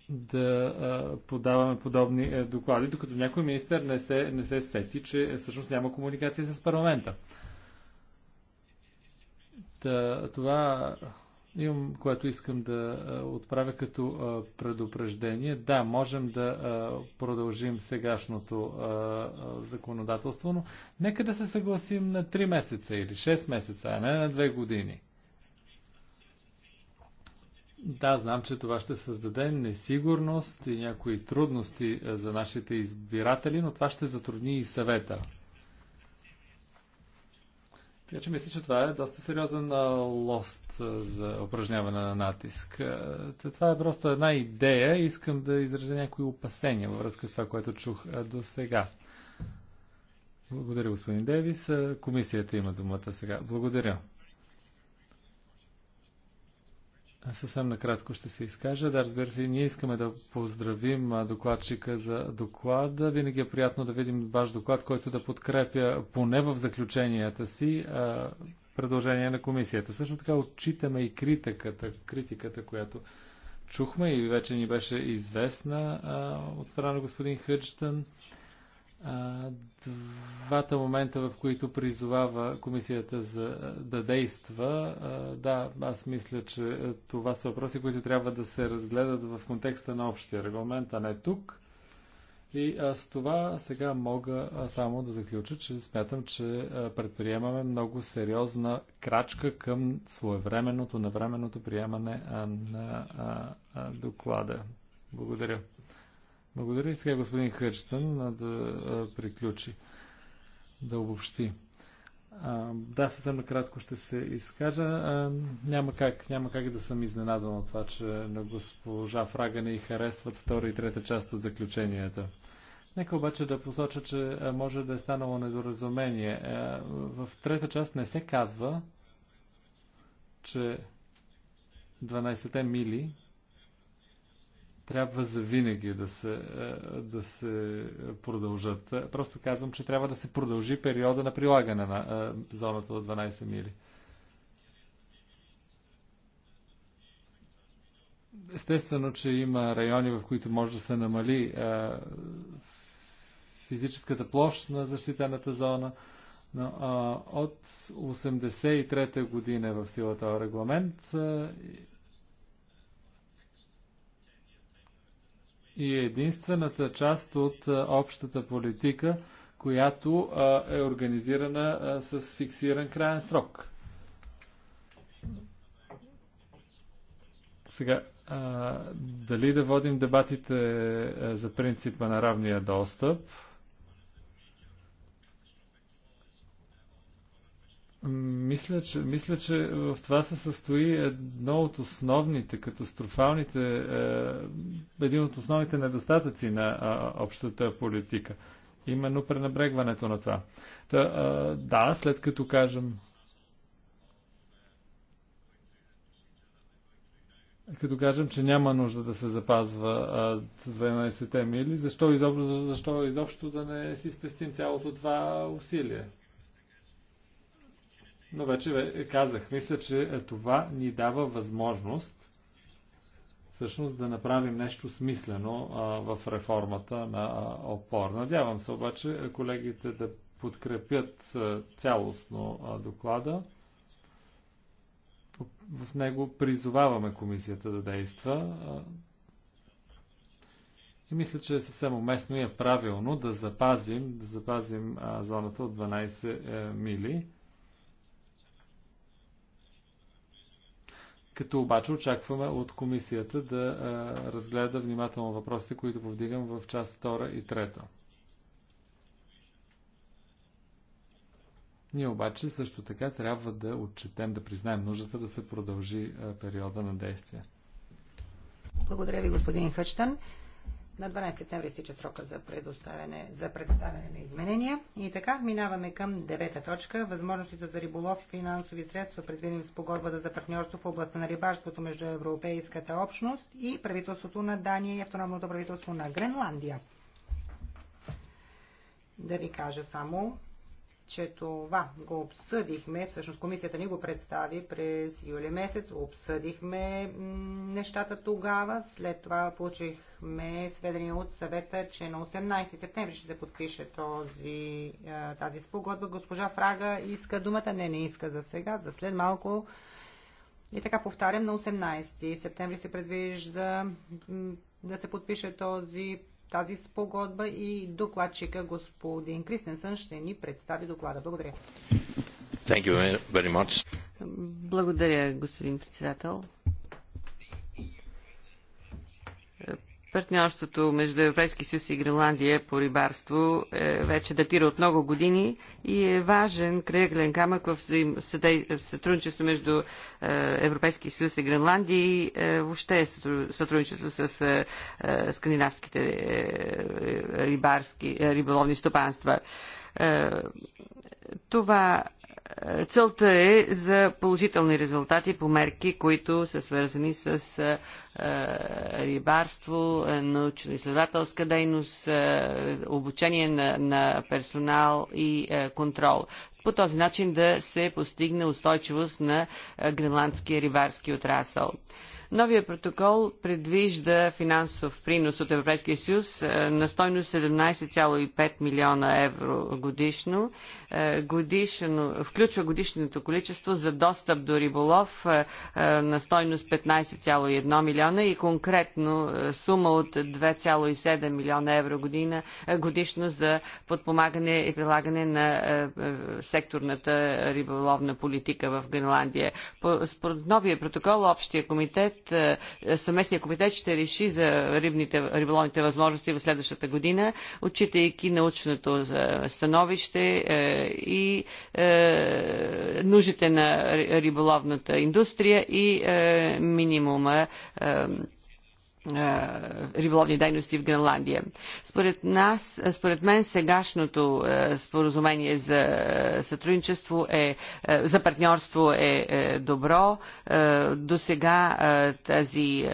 да подаваме подобни е, доклади, докато някой министър не се, не се сети, че е, всъщност няма комуникация с парламента. Та, това имам, което искам да отправя като предупреждение. Да, можем да продължим сегашното законодателство, но нека да се съгласим на 3 месеца или 6 месеца, а не на 2 години. Да, знам, че това ще създаде несигурност и някои трудности е, за нашите избиратели, но това ще затрудни и съвета. Така че мисля, че това е доста сериозен лост е, за упражняване на натиск. Е, това е просто една идея. и Искам да изразя някои опасения във връзка с това, което чух до сега. Благодаря, господин Девис. Комисията има думата сега. Благодаря. Съвсем накратко ще се изкажа. Да, разбира се, ние искаме да поздравим докладчика за доклада. Винаги е приятно да видим ваш доклад, който да подкрепя поне в заключенията си предложение на комисията. Също така отчитаме и критиката, критиката която чухме и вече ни беше известна от страна на господин Хъджтън двата момента, в които призовава комисията за, да действа, да, аз мисля, че е, това са въпроси, които трябва да се разгледат в контекста на общия регламент, а не тук. И аз това сега мога само да заключа, че смятам, че предприемаме много сериозна крачка към своевременното, навременното приемане на доклада. Благодаря. Благодаря и сега господин Хърчтън да приключи, да обобщи. да, съвсем накратко ще се изкажа. няма, как, няма как да съм изненадан от това, че на госпожа Фрага не и харесват втора и трета част от заключенията. Нека обаче да посоча, че може да е станало недоразумение. В трета част не се казва, че 12-те мили трябва завинаги да се, е, да се продължат. Просто казвам, че трябва да се продължи периода на прилагане на е, зоната от 12 мили. Естествено, че има райони, в които може да се намали е, физическата площ на защитената зона. Но, от 83-та година в силата регламент и е единствената част от общата политика, която е организирана с фиксиран крайен срок. Сега, дали да водим дебатите за принципа на равния достъп? Мисля че, мисля, че в това се състои едно от основните, катастрофалните, е, един от основните недостатъци на е, общата политика. Именно пренебрегването на това. Та, е, да, след като кажем. Като кажем, че няма нужда да се запазва 12-те мили, защо изобщо, защо изобщо да не си спестим цялото това усилие? Но вече казах, мисля, че е, това ни дава възможност всъщност да направим нещо смислено а, в реформата на ОПОР. Надявам се обаче е, колегите да подкрепят а, е, цялостно а, доклада. В него призоваваме комисията да действа. и мисля, че е съвсем уместно и е правилно да запазим, да запазим а, зоната от 12 мили. като обаче очакваме от комисията да а, разгледа внимателно въпросите, които повдигам в част 2 и 3. Ние обаче също така трябва да отчетем, да признаем нуждата да се продължи а, периода на действие. Благодаря ви, господин Хъчтан. На 12 септември стича срока за, предоставяне, за представяне на изменения. И така, минаваме към девета точка. Възможностите за риболов и финансови средства, предвидени с погодбата за партньорство в областта на рибарството между Европейската общност и правителството на Дания и автономното правителство на Гренландия. Да ви кажа само, че това го обсъдихме, всъщност комисията ни го представи през юли месец, обсъдихме нещата тогава, след това получихме сведения от съвета, че на 18 септември ще се подпише този, тази спогодба. Госпожа Фрага иска думата, не, не иска за сега, за след малко. И така повтарям, на 18 септември се предвижда да се подпише този тази спогодба и докладчика господин Кристенсън ще ни представи доклада. Благодаря. Благодаря, господин председател. Партньорството между Европейски съюз и Гренландия по рибарство е, вече датира от много години и е важен кръглен камък в сътрудничество между е, Европейски съюз и Гренландия и е, въобще е сътрудничество с е, е, скандинавските е, рибарски, е, риболовни стопанства. Е, това Целта е за положителни резултати по мерки, които са свързани с рибарство, научно-изследователска дейност, обучение на, на персонал и контрол. По този начин да се постигне устойчивост на гренландския рибарски отрасъл. Новия протокол предвижда финансов принос от Европейския съюз е, на стойност 17,5 милиона евро годишно. Е, годишно. Включва годишното количество за достъп до риболов е, на стойност 15,1 милиона и конкретно сума от 2,7 милиона евро година, годишно за подпомагане и прилагане на секторната риболовна политика в Гренландия. Според новия протокол, Общия комитет съместния комитет ще реши за рибните, риболовните възможности в следващата година, отчитайки научното становище и нуждите на риболовната индустрия и минимума е, риболовни дейности в Гренландия. Според нас, е, според мен сегашното е, споразумение за сътрудничество е, за партньорство е добро. До сега тази,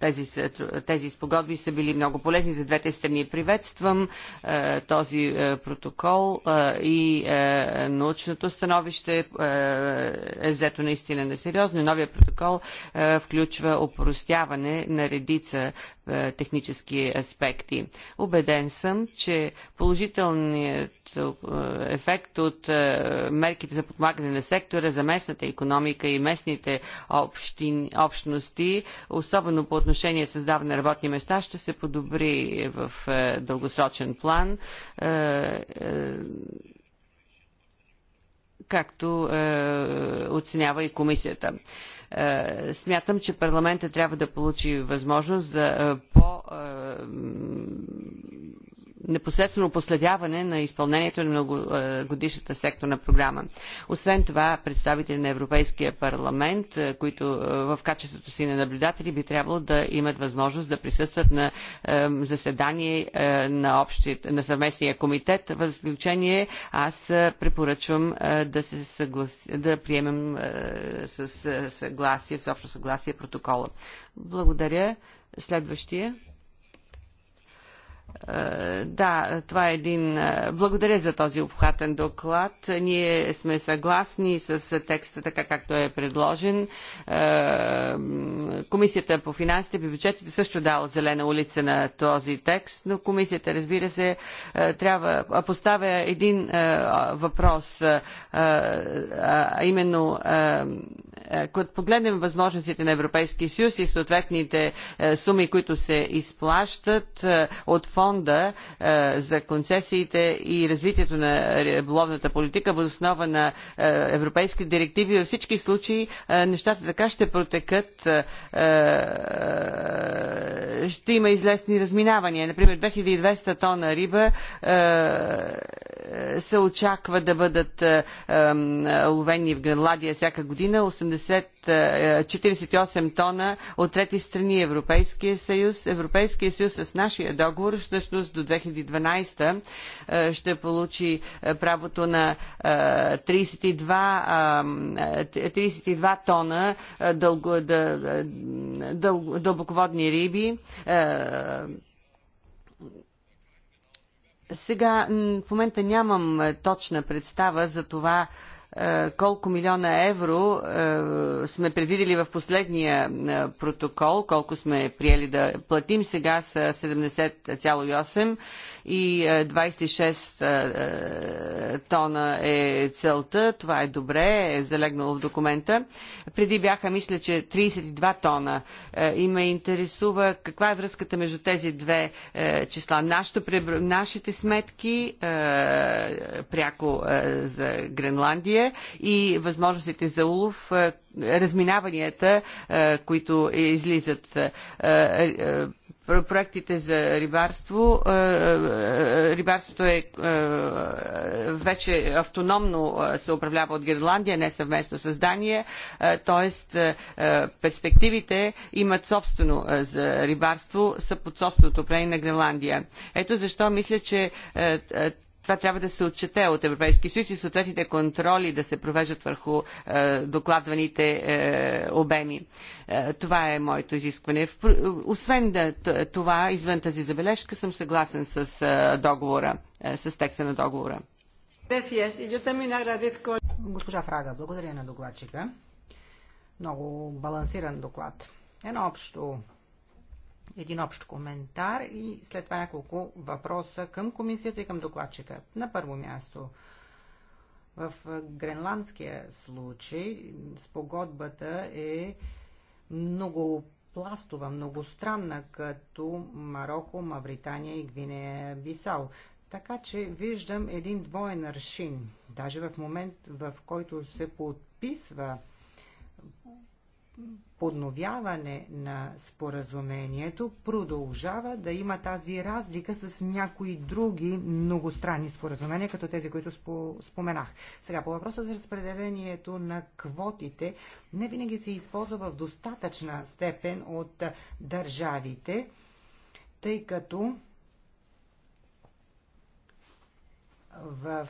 тези, тези спогодби са били много полезни за двете страни. Приветствам този протокол и научното становище е взето наистина на сериозно. Новия протокол включва опростяване на редица е, технически аспекти. Обеден съм, че положителният е, ефект от е, мерките за подмагане на сектора за местната економика и местните общи, общности, особено по отношение създаване на работни места, ще се подобри в дългосрочен план както е, оценява и комисията. Е, смятам, че парламента трябва да получи възможност за е, по е, непосредствено последяване на изпълнението на многогодишната е, секторна програма. Освен това, представители на Европейския парламент, е, които е, в качеството си на наблюдатели би трябвало да имат възможност да присъстват на заседание на, общи, на съвместния комитет. В заключение аз препоръчвам да, се съгласи, да приемем с съгласие, общо съгласие протокола. Благодаря. Следващия. Е, да, това е един. Е, благодаря за този обхватен доклад. Ние сме съгласни с текста така както е предложен. Е, комисията по финансите и бюджетите също дала зелена улица на този текст, но комисията, разбира се, трябва поставя един въпрос, а именно е, Когато погледнем възможностите на Европейския съюз и съответните е, суми, които се изплащат е, от фонда за концесиите и развитието на риболовната политика в основа на европейски директиви, във всички случаи нещата така ще протекат, ще има излесни разминавания. Например, 2200 тона риба се очаква да бъдат ловени в Гренландия всяка година, 48 тона от трети страни Европейския съюз. Европейския съюз с нашия договор всъщност до 2012 е, ще получи е, правото на 32, е, 32 тона дълго, дълбоководни риби. Сега в момента нямам точна представа за това е, колко милиона евро е, сме предвидели в последния е, протокол, колко сме приели да платим, сега с 70,8 и 26 тона е целта. Това е добре, е залегнало в документа. Преди бяха, мисля, че 32 тона. И ме интересува каква е връзката между тези две числа. Нашите, нашите сметки пряко за Гренландия Русия и възможностите за улов, е, разминаванията, е, които излизат е, проектите за рибарство. Рибарството е вече автономно се управлява от Гренландия, не съвместно с Дания, т.е. перспективите имат собствено за рибарство, са под собственото управление на Гренландия. Ето защо мисля, че това трябва да се отчете от Европейския съюз и съответните контроли да се провеждат върху е, докладваните е, обеми. Е, това е моето изискване. Освен да, това, извън тази забележка, съм съгласен с е, договора, е, с текста на договора. Госпожа Фрага, благодаря на докладчика. Много балансиран доклад. Едно общо един общ коментар и след това няколко въпроса към комисията и към докладчика. На първо място, в гренландския случай спогодбата е много пластова, многостранна, като Марокко, Мавритания и Гвинея Бисал. Така че виждам един двоен аршин. Даже в момент, в който се подписва подновяване на споразумението продължава да има тази разлика с някои други многостранни споразумения, като тези, които споменах. Сега, по въпроса за разпределението на квотите, не винаги се използва в достатъчна степен от държавите, тъй като в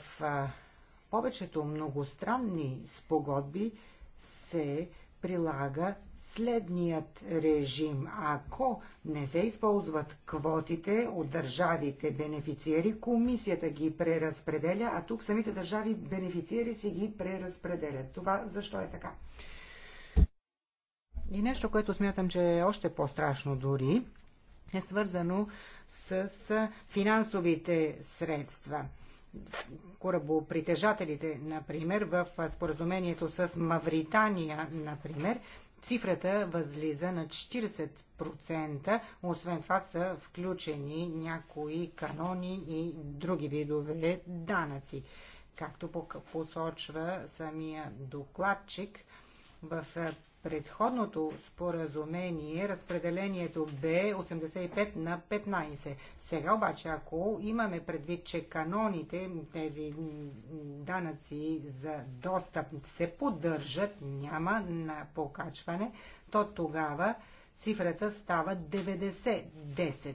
повечето многостранни спогодби се прилага следният режим. Ако не се използват квотите от държавите бенефициери, комисията ги преразпределя, а тук самите държави бенефициери си ги преразпределят. Това защо е така? И нещо, което смятам, че е още по-страшно дори, е свързано с финансовите средства корабопритежателите, например, в споразумението с Мавритания, например, цифрата възлиза на 40%. Освен това са включени някои канони и други видове данъци. Както посочва самия докладчик, в предходното споразумение разпределението бе 85 на 15. Сега обаче, ако имаме предвид, че каноните, тези данъци за достъп се поддържат, няма на покачване, то тогава цифрата става 90-10.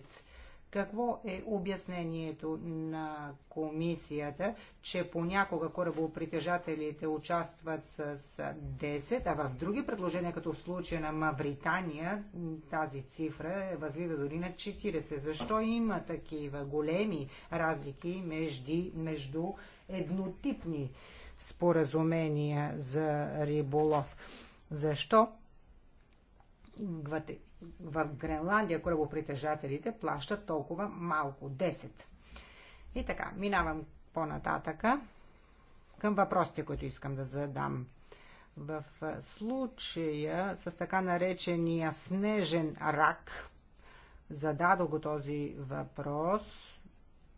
Какво е обяснението на комисията, че понякога корабопритежателите участват с 10, а в други предложения, като в случая на Мавритания, тази цифра е възлиза дори на 40. Защо има такива големи разлики между, между еднотипни споразумения за риболов? Защо в Гренландия корабопритежателите плащат толкова малко 10. И така, минавам по-нататъка към въпросите, които искам да задам. В случая с така наречения снежен рак, зададох го този въпрос,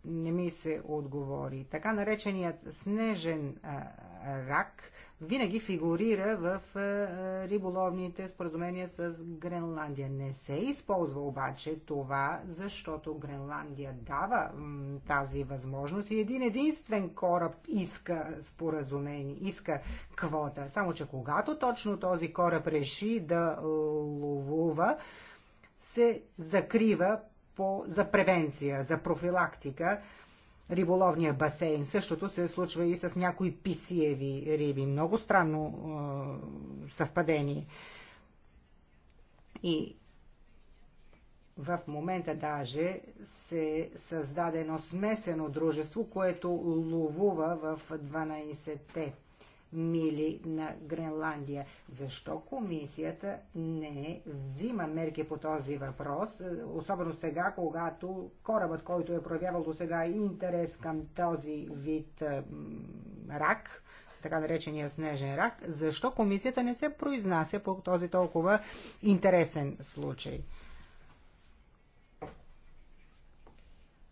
не ми се отговори. Така нареченият снежен а, рак – винаги фигурира в е, е, риболовните споразумения с Гренландия. Не се използва обаче това, защото Гренландия дава тази възможност и един единствен кораб иска споразумение, иска квота. Само, че когато точно този кораб реши да ловува, се закрива по, за превенция, за профилактика риболовния басейн. Същото се случва и с някои писиеви риби. Много странно е, съвпадение. И в момента даже се създаде едно смесено дружество, което ловува в 12-те мили на Гренландия. Защо комисията не взима мерки по този въпрос, особено сега, когато корабът, който е проявявал до сега интерес към този вид рак, така наречения снежен рак, защо комисията не се произнася по този толкова интересен случай?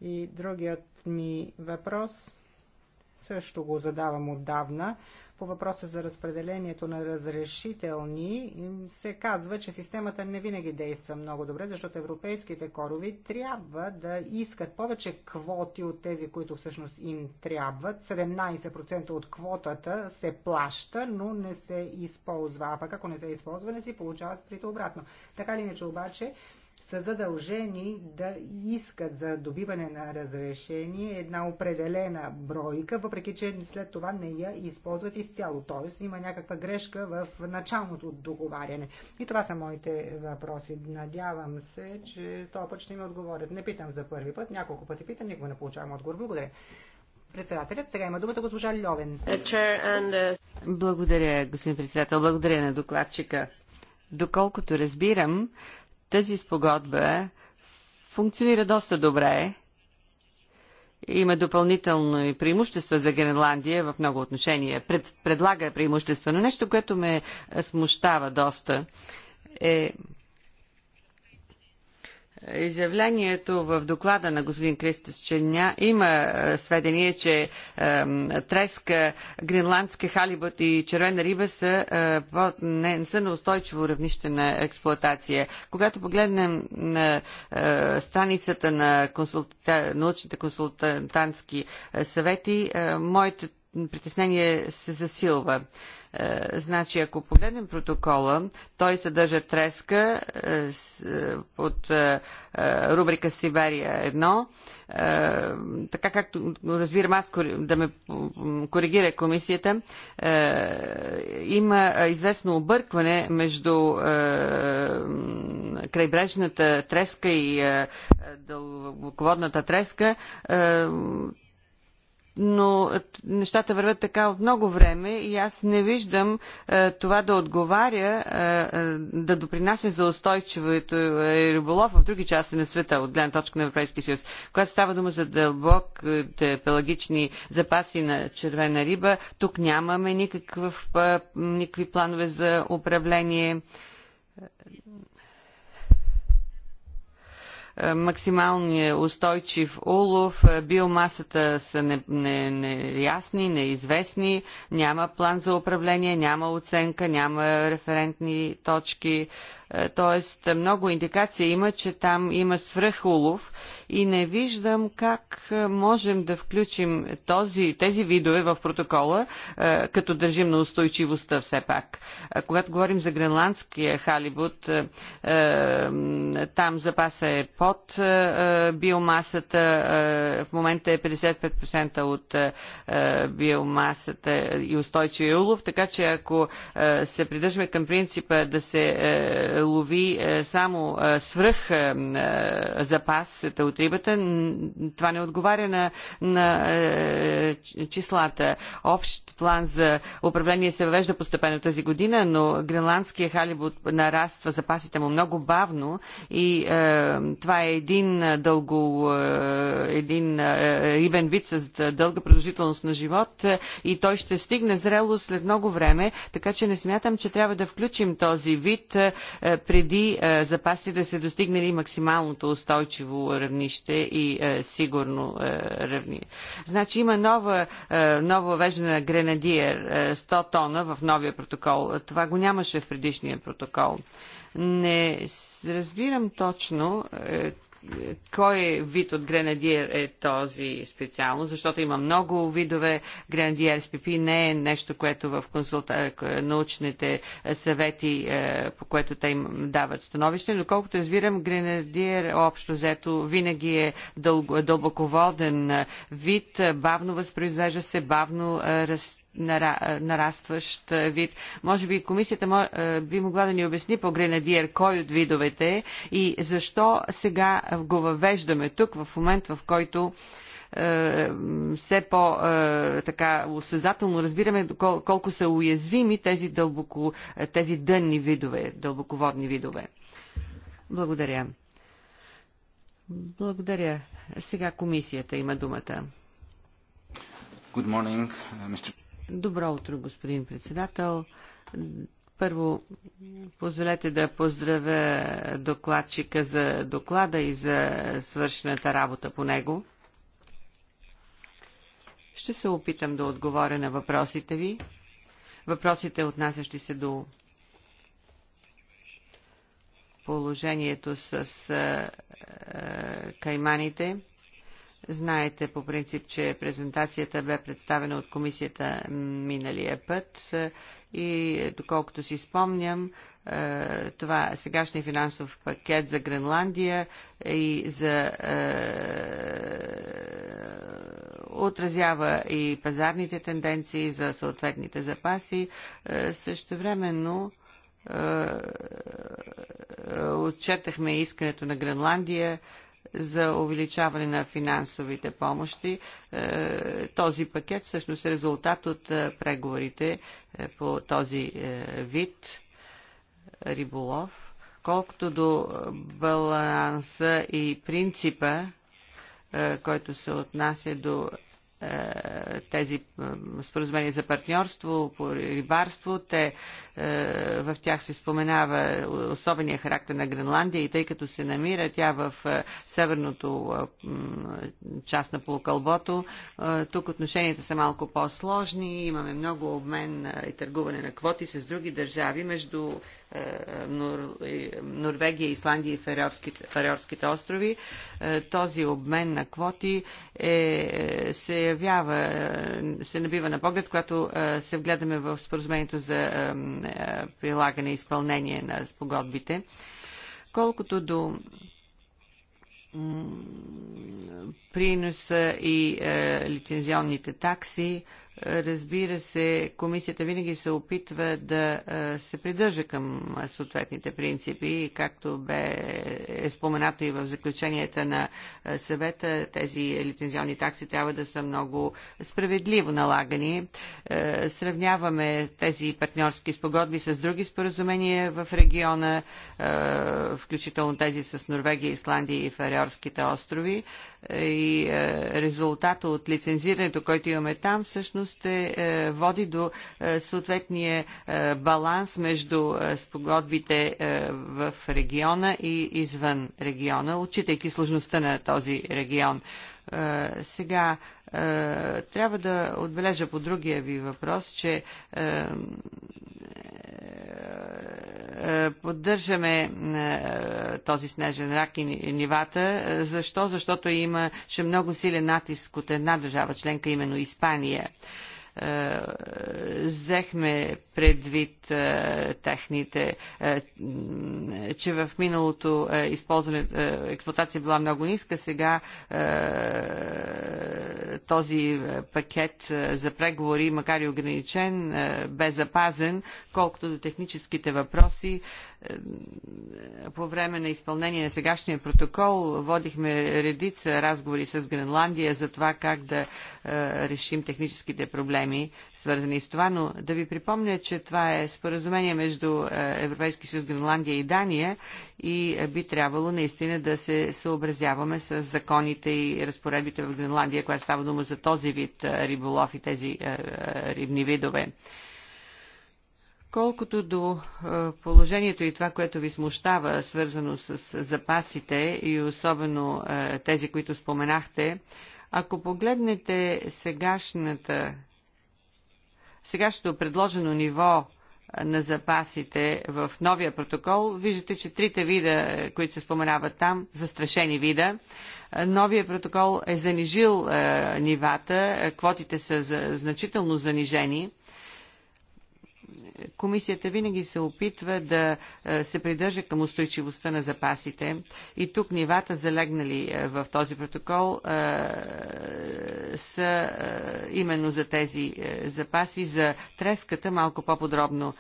И другият ми въпрос също го задавам отдавна по въпроса за разпределението на разрешителни се казва, че системата не винаги действа много добре, защото европейските корови трябва да искат повече квоти от тези, които всъщност им трябват. 17% от квотата се плаща, но не се използва. А пък ако не се използва, не си получават прито обратно. Така ли не, че обаче са задължени да искат за добиване на разрешение една определена бройка, въпреки че след това не я използват изцяло. Т.е. има някаква грешка в началното договаряне. И това са моите въпроси. Надявам се, че този път ще ми отговорят. Не питам за първи път, няколко пъти питам, никога не получавам отговор. Благодаря. Председателят сега има думата госпожа Льовен. Благодаря, господин председател. Благодаря на докладчика. Доколкото разбирам, тази спогодба функционира доста добре. Има допълнително и преимущество за Гренландия в много отношения. Пред, предлага преимущество, но нещо, което ме смущава доста е Изявлението в доклада на господин Кристос Черня има е, сведение, че е, треска, гренландски халибът и червена риба са, е, не, не са на устойчиво равнище на експлоатация. Когато погледнем на е, страницата на консулта, научните консултантски е, съвети, е, моите притеснение се засилва. Е, е, значи, ако погледнем протокола, той съдържа треска е, е, от рубрика Сибария 1 така както разбирам аз, да ме коригира комисията, има известно объркване между крайбрежната треска и дълбоководната треска но нещата върват така от много време и аз не виждам е, това да отговаря, е, е да допринася за устойчивото е, риболов в други части на света, от гледна точка на Европейския съюз. Когато става дума за е, пелагични запаси на червена риба, тук нямаме никакъв, е, никакви планове за управление е, максималния устойчив улов, е, биомасата са неясни, не, не неизвестни, няма план за управление, няма оценка, няма референтни точки, т.е. много индикации има, че там има свръхулов и не виждам как можем да включим този, тези видове в протокола, като държим на устойчивостта все пак. Когато говорим за гренландския халибут, там запаса е под биомасата, в момента е 55% от биомасата и устойчивия улов, така че ако се придържаме към принципа да се лови е, само е, свръх е, запасата от рибата, това не отговаря на, на числата. Общ план за управление се въвежда постепенно тази година, но гренландския халибут нараства запасите му много бавно и това е един дълго, един рибен вид с дълга продължителност на живот и той ще стигне зрелост след много време, така че не смятам, че трябва да включим този вид е, преди е, запасите да се достигнали максималното устойчиво равнище и е, сигурно равнище. Значи има нова, нова вежена гренадиер 100 тона в новия протокол. Това го нямаше в предишния протокол. Не разбирам точно кой вид от гренадиер е този специално, защото има много видове. Гренадиер СПП не е нещо, което в консулта... научните съвети, е, по което те им дават становище, но колкото разбирам, гренадиер общо взето винаги е дълбоководен вид, бавно възпроизвежда се, бавно е, расте нара, нарастващ е, вид. Може би комисията е, би могла да ни обясни по гренадиер кой от видовете е и защо сега го въвеждаме тук в момент, в който е, все по така осъзнателно разбираме колко са уязвими тези, дълбоко, тези дънни видове, дълбоководни видове. Благодаря. Благодаря. Сега комисията има думата. Good morning, uh, Mr. Добро утро, господин председател. Първо, позволете да поздравя докладчика за доклада и за свършената работа по него. Ще се опитам да отговоря на въпросите ви. Въпросите, отнасящи се до положението с е, е, кайманите – Знаете по принцип, че презентацията бе представена от комисията миналия път и доколкото си спомням, е, това е сегашния финансов пакет за Гренландия и за е, отразява и пазарните тенденции за съответните запаси. Също времено отчетахме искането на Гренландия за увеличаване на финансовите помощи. Е, този пакет всъщност е резултат от е, преговорите е, по този вид риболов. Колкото до баланса и принципа, който се отнася до е, тези е, споразумения за партньорство, по рибарство. Те, е, в тях се споменава особения характер на Гренландия и тъй като се намира тя в северното част на полукълбото, тук отношенията са малко по-сложни. Имаме много обмен и търгуване на квоти с други държави между е, Нор... Е, Норвегия, Исландия и Фарерските, острови. Е, този обмен на квоти е, се явява, се набива на поглед, когато се вгледаме в споразумението за прилагане и изпълнение на спогодбите. Колкото до приноса и лицензионните такси, Разбира се, комисията винаги се опитва да се придържа към съответните принципи, както бе е споменато и в заключенията на съвета, тези лицензионни такси трябва да са много справедливо налагани. Сравняваме тези партньорски спогодби с други споразумения в региона, включително тези с Норвегия, Исландия и Фариорските острови. И резултата от лицензирането, който имаме там, всъщност всъщност е, е, води до е, съответния е, баланс между е, спогодбите е, в региона и извън региона, отчитайки сложността на този регион. Е, сега е, трябва да отбележа по другия ви въпрос, че е, е, поддържаме е, този снежен рак и нивата. Е, защо? Защото имаше много силен натиск от една държава членка, именно Испания. Е, взехме предвид е, техните, е, че в миналото използване, експлуатация била много ниска, сега този пакет за преговори, макар и ограничен, бе запазен, колкото до техническите въпроси. Е, по време на изпълнение на сегашния протокол водихме редица разговори с Гренландия за това как да е, решим техническите проблеми, свързани с това, но да ви припомня, че това е споразумение между е, Европейски съюз, Гренландия и Дания и би трябвало наистина да се съобразяваме с законите и разпоредбите в Гренландия, която става дума за този вид риболов и тези рибни видове. Колкото до положението и това, което ви смущава, свързано с запасите и особено тези, които споменахте, ако погледнете сегашната, сегашното предложено ниво на запасите в новия протокол, виждате, че трите вида, които се споменават там, застрашени вида, новия протокол е занижил нивата, квотите са значително занижени – комисията винаги се опитва да е, се придържа към устойчивостта на запасите и тук нивата залегнали е, в този протокол е, са именно за тези запаси. За треската малко по-подробно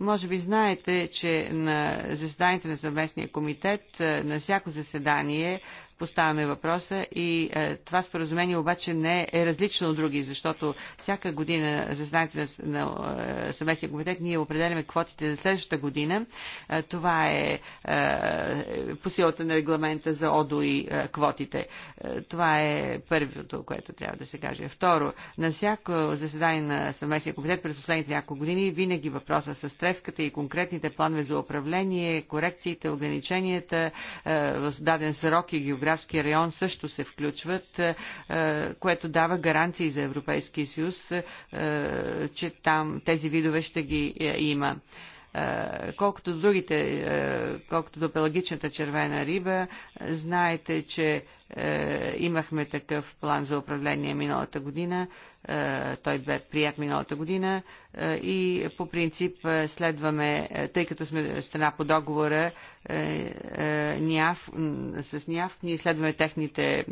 може би знаете, че на заседанието на съвместния комитет, на всяко заседание, поставяме въпроса и е, това споразумение обаче не е различно от други, защото всяка година заседанието на, на на е, съвместния комитет ние определяме квотите за следващата година. Е, това е, е по силата на регламента за ОДО и е, квотите. Е, това е първото, което трябва да се каже. Второ, на всяко заседание на съвместния комитет през последните няколко години винаги въпроса с треската и конкретните планове за управление, корекциите, ограниченията е, в даден срок и география географския район също се включват, е, е, което дава гаранции за Европейския съюз, е, че там тези видове ще ги има. Е, колкото до другите, е, колкото до пелагичната червена риба, знаете, че е, имахме такъв план за управление миналата година. Той бе прият миналата година и по принцип следваме, тъй като сме страна по договора с НИАФ, ние следваме техните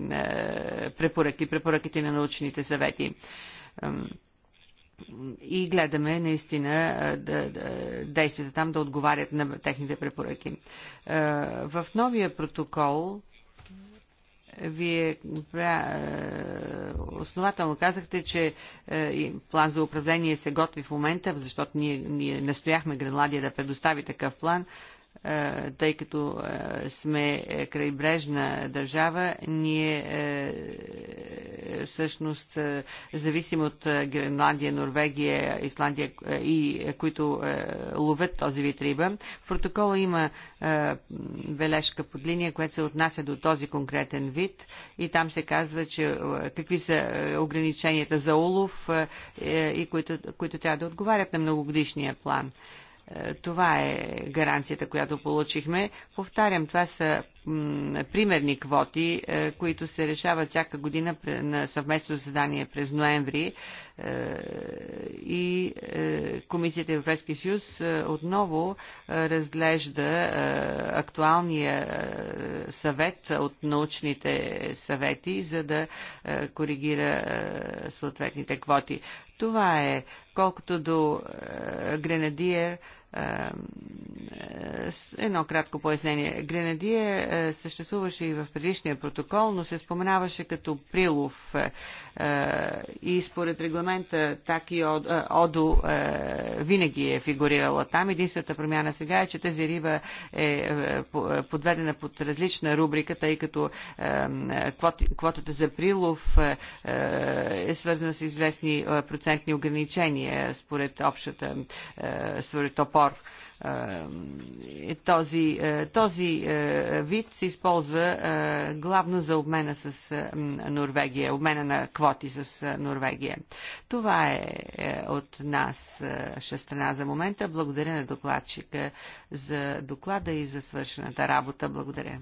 препоръки, препоръките на научните съвети и гледаме наистина да, да, действията там да отговарят на техните препоръки. В новия протокол вие основателно казахте, че план за управление се готви в момента, защото ние, ние настояхме Гренландия да предостави такъв план. Е, тъй като е, сме е, крайбрежна държава, ние всъщност зависим от Гренландия, Норвегия, Исландия, и, които ловят този вид риба. В протокола има бележка под линия, която се отнася до този конкретен вид и там се казва, че какви са ограниченията за улов и които, които трябва да отговарят на многогодишния план. Е, това е гаранцията, която получихме. Повтарям, това са примерни квоти, е, които се решават всяка година на съвместно заседание през ноември е, и Комисията Европейски съюз отново разглежда актуалния съвет от научните съвети, за да коригира съответните квоти. Това е колкото до Гренадиер, е, едно кратко пояснение. Гренадия е, съществуваше и в предишния протокол, но се споменаваше като прилов. Е, и според регламента так и ОДО винаги е фигурирала там. Единствената промяна сега е, че тази риба е подведена под различна рубрика, тъй като квотата за прилов е свързана с известни процентни ограничения според общата, според ОПО подбор. Е, е, този, е, този вид се използва главно за обмена с Норвегия, обмена на квоти с Норвегия. Това е от нас шестена за момента. Благодаря на докладчика за доклада и за свършената работа. Благодаря.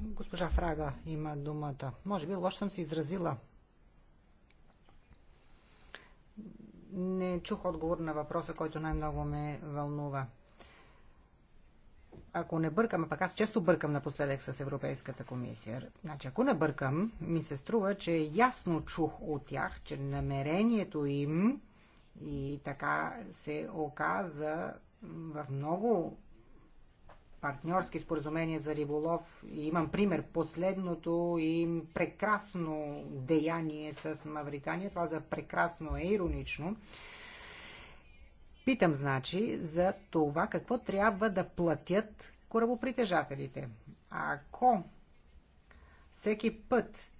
Госпожа Фрага има думата. Може би лошо съм се изразила. не чух отговор на въпроса, който най-много ме вълнува. Ако не бъркам, а пък аз често бъркам напоследък с Европейската комисия, значи ако не бъркам, ми се струва, че ясно чух от тях, че намерението им и така се оказа в много партньорски споразумения за риболов. И имам пример. Последното и прекрасно деяние с Мавритания. Това за прекрасно е иронично. Питам, значи, за това какво трябва да платят корабопритежателите. Ако всеки път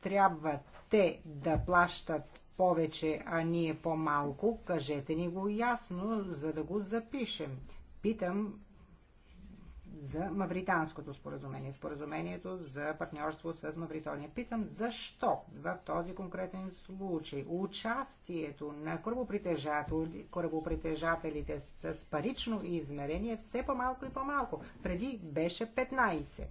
трябва те да плащат повече, а ние по-малко, кажете ни го ясно, за да го запишем. Питам за Мавританското споразумение, споразумението за партньорство с Мавритония. Питам защо в този конкретен случай участието на корабопритежателите с парично измерение е все по-малко и по-малко. Преди беше 15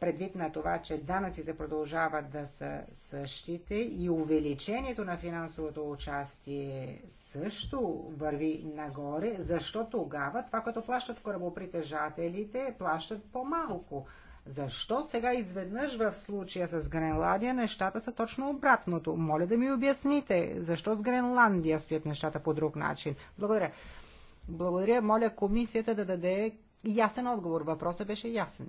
предвид на това, че данъците продължават да са същите и увеличението на финансовото участие също върви нагоре, защо тогава това, като плащат корабопритежателите, плащат по-малко? Защо сега изведнъж в случая с Гренландия нещата са точно обратното? Моля да ми обясните, защо с Гренландия стоят нещата по друг начин? Благодаря. Благодаря, моля комисията да даде ясен отговор. Въпросът беше ясен.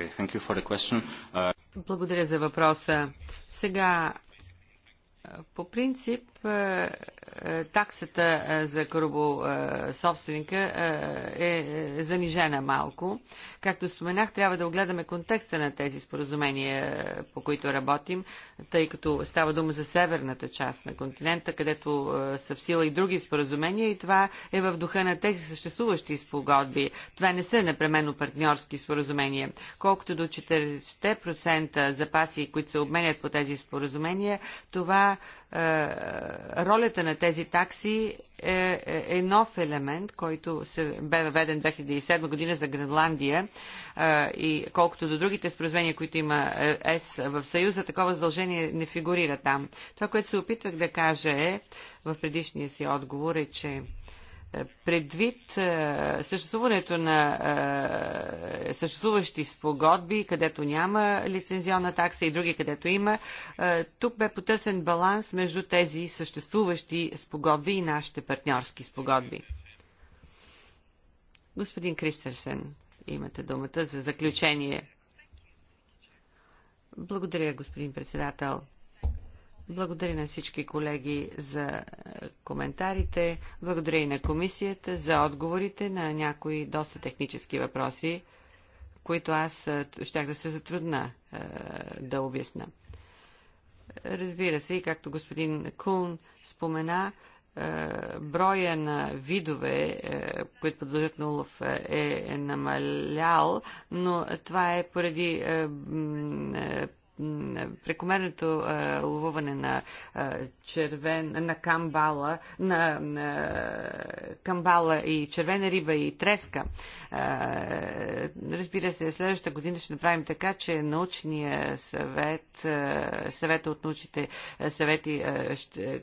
Okay, thank you for the question. Uh... Благодаря за въпроса. Сега, по принцип, е, таксата е, за корабособственика е, е занижена малко. Както споменах, трябва да огледаме контекста на тези споразумения, по които работим, тъй като става дума за северната част на континента, където са в сила и други споразумения и това е в духа на тези съществуващи спогодби. Това не са непременно партньорски споразумения. Колкото до 40% запаси, които се обменят по тези споразумения, това е, ролята на тези такси е, е, е нов елемент, който се бе въведен 2007 година за Гренландия е, и колкото до другите споразумения, които има ЕС в Съюза, такова задължение не фигурира там. Това, което се опитвах да кажа е, в предишния си отговор е, че предвид е, съществуването на е, съществуващи спогодби, където няма лицензионна такса и други, където има, е, тук бе потърсен баланс между тези съществуващи спогодби и нашите партньорски спогодби. Господин Кристерсен, имате думата за заключение. Благодаря, господин председател. Благодаря на всички колеги за е, коментарите. Благодаря и на комисията за отговорите на някои доста технически въпроси, които аз е, щях да се затрудна е, да обясна. Разбира се, и както господин Кун спомена, броя на видове, които продължат на улов е намалял, но това е поради прекомерното ловуване на е, червен, на камбала, на, на камбала и червена риба и треска Разбира се, следващата година ще направим така, че научния съвет, съвета от научните съвети ще,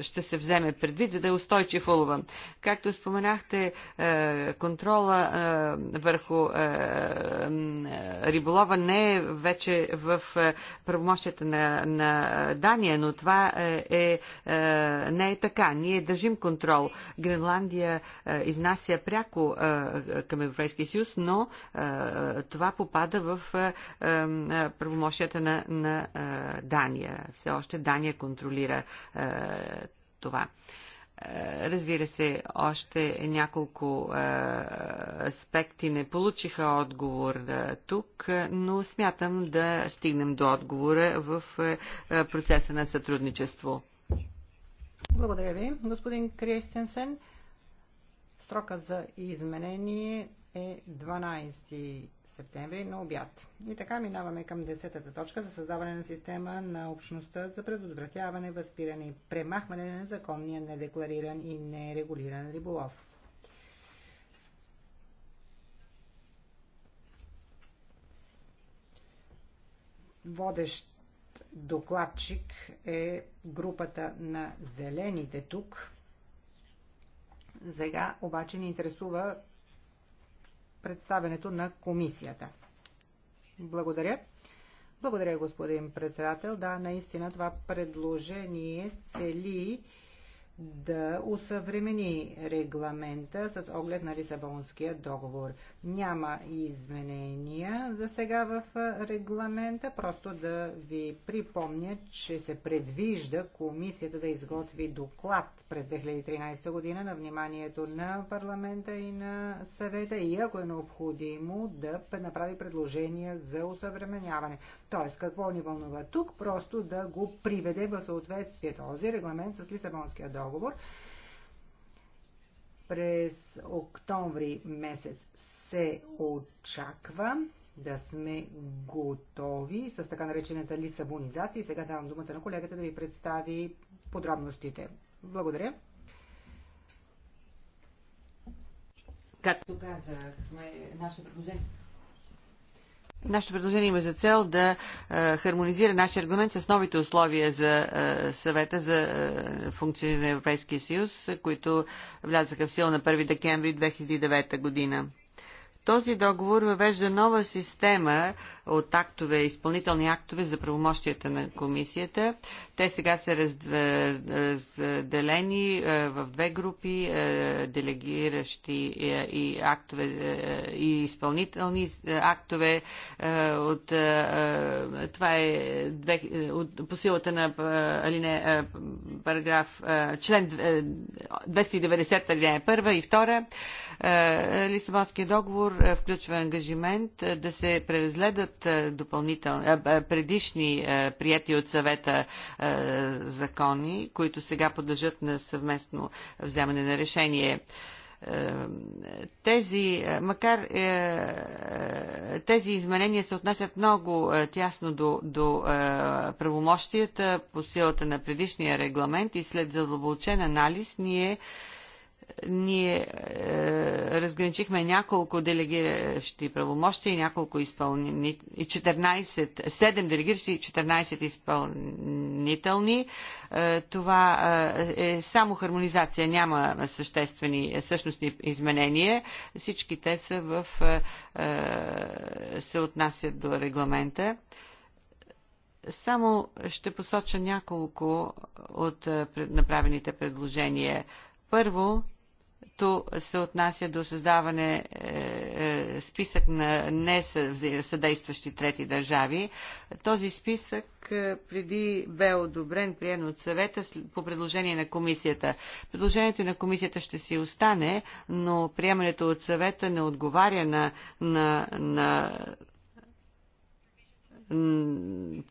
ще се вземе предвид, за да е устойчив улова. Както споменахте, контрола върху риболова не е вече в правомощията на, на Дания, но това е, е не е така. Ние държим контрол. Гренландия изнася пряко към Европейския съюз, но това попада в правомощията на, на Дания. Все още Дания контролира това. Разбира се, още няколко аспекти не получиха отговор тук, но смятам да стигнем до отговора в процеса на сътрудничество. Благодаря ви, господин Кристенсен. Срока за изменение е 12 септември на обяд. И така минаваме към 10-та точка за създаване на система на общността за предотвратяване, възпиране и премахване на незаконния, недеклариран и нерегулиран риболов. Водещ докладчик е групата на зелените тук – сега обаче ни интересува представенето на комисията. Благодаря. Благодаря, господин председател. Да, наистина това предложение цели да усъвремени регламента с оглед на Лисабонския договор. Няма изменения за сега в регламента, просто да ви припомня, че се предвижда комисията да изготви доклад през 2013 година на вниманието на парламента и на съвета и ако е необходимо да направи предложение за усъвременяване. Тоест, какво ни вълнува тук, просто да го приведе в съответствие този регламент с Лисабонския договор договор. През октомври месец се очаква да сме готови с така наречената лисабонизация. Сега давам думата на колегата да ви представи подробностите. Благодаря. Както казахме, наше предложение. Нашето предложение има за цел да е, хармонизира нашия аргумент с новите условия за е, съвета за е, функциониране на Европейския съюз, които влязаха в сила на 1 декември 2009 година. Този договор въвежда нова система от актове, изпълнителни актове за правомощията на комисията. Те сега са разделени е, в две групи, е, делегиращи е, и актове и изпълнителни актове от това е две, от, по силата на параграф член 290 алинея първа и втора. Лисабонския договор включва ангажимент да се преразгледат допълнителни, предишни прияти от съвета закони, които сега подлежат на съвместно вземане на решение тези, макар е, тези изменения се отнасят много тясно до, до правомощията по силата на предишния регламент и след задълбочен анализ ние ние е, разграничихме няколко делегиращи правомощи и няколко изпълнителни, 14, 7 делегиращи и 14 изпълнителни. Е, това е, е само хармонизация, няма съществени, същностни изменения. Всички те са в, е, е се отнасят до регламента. Само ще посоча няколко от е, направените предложения. Първо, които се отнася до създаване е, е, списък на несъдействащи трети държави. Този списък е, преди бе одобрен, приен от съвета по предложение на комисията. Предложението на комисията ще си остане, но приемането от съвета не отговаря на, на, на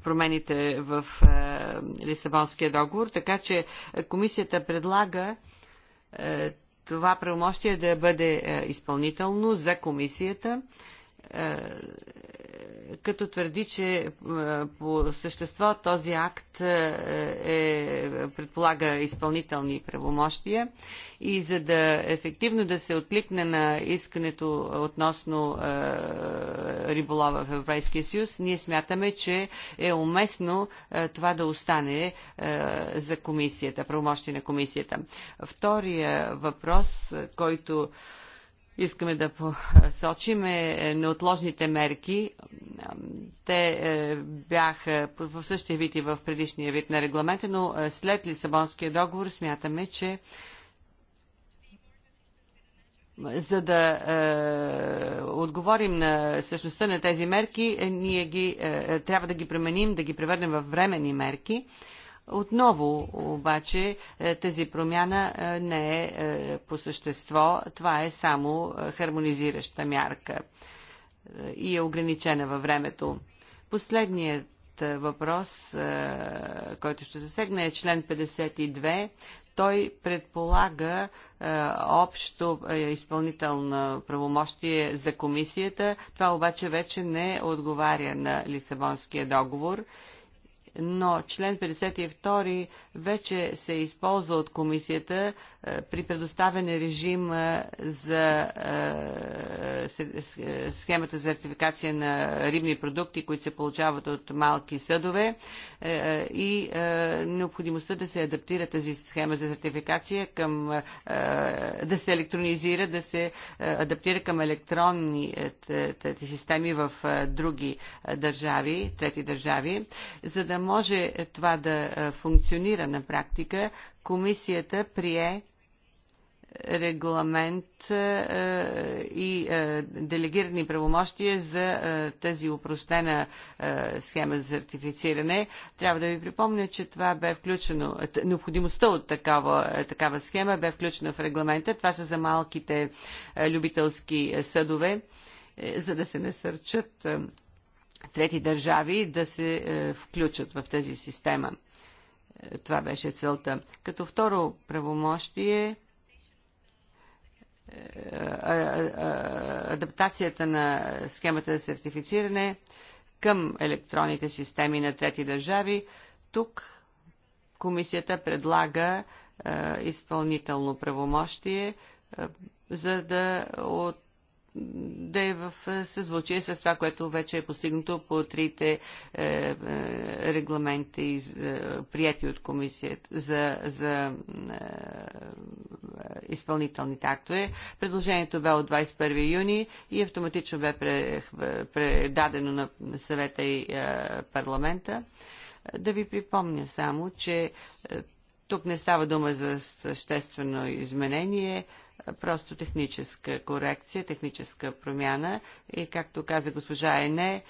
промените в е, Лисабонския договор, така че комисията предлага това правомощие да бъде е, изпълнително за комисията е, като твърди, че е, по същество този акт е, е, предполага изпълнителни правомощия и за да ефективно да се откликне на искането относно е, риболова в Европейския съюз, ние смятаме, че е уместно е, това да остане е, за комисията, правомощие на комисията. Втория въпрос, който е, искаме да посочим е, е неотложните мерки. Те е, бяха в същия вид и в предишния вид на регламента, но е, след Лисабонския договор смятаме, че за да е, отговорим на същността на тези мерки, ние ги, е, трябва да ги променим, да ги превърнем в времени мерки. Е, отново обаче е, тази промяна е, не е, е по същество, това е само хармонизираща мярка и е ограничена във времето. Последният въпрос, който ще засегна е член 52. Той предполага общо изпълнително правомощие за комисията. Това обаче вече не отговаря на Лисабонския договор но член 52 вече се използва от комисията е, при предоставяне режим за е, е, схемата за ратификация на рибни продукти, които се получават от малки съдове и необходимостта да се адаптира тази схема за сертификация към да се електронизира, да се адаптира към тези системи в други държави, трети държави, за да може това да функционира на практика, комисията прие регламент е, е, и е, делегирани правомощия за е, тази упростена е, схема за сертифициране. Трябва да ви припомня, че това бе включено, необходимостта от такава, е, такава схема бе включена в регламента. Това са за малките любителски съдове, за да се насърчат трети държави да се включат в тази система. Това беше целта. Като второ правомощие е, адаптацията на схемата за сертифициране към електронните системи на трети държави. Тук комисията предлага изпълнително правомощие, за да от да е в е, съзвучие с това, което вече е постигнато по трите е, е регламенти, е, прияти от комисията за, за е, изпълнителните актове. Предложението бе от 21 юни и автоматично бе предадено на съвета и парламента. Да ви припомня само, че тук не става дума за съществено изменение, просто техническа корекция, техническа промяна и както каза госпожа Ене, е,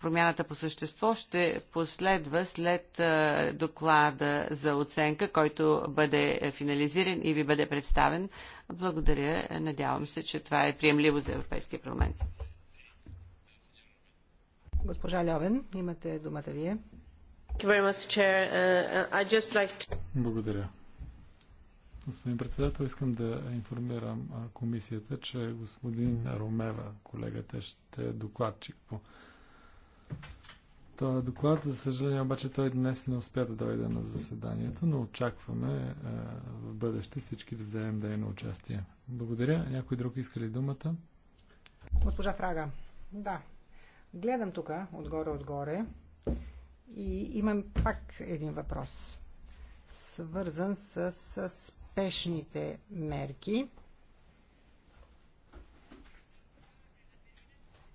промяната по същество ще последва след е, доклада за оценка, който бъде финализиран и ви бъде представен. Благодаря. Надявам се, че това е приемливо за Европейския парламент. Госпожа Льовен, имате думата вие. Uh, uh, Благодаря. Господин председател, искам да информирам комисията, че господин Ромева, колегата, ще е докладчик по този доклад. За съжаление, обаче той днес не успя да дойде на заседанието, но очакваме в бъдеще всички да вземем на участие. Благодаря. Някой друг иска ли думата? Госпожа Фрага, да. Гледам тук, отгоре-отгоре, и имам пак един въпрос свързан с, с спешните мерки.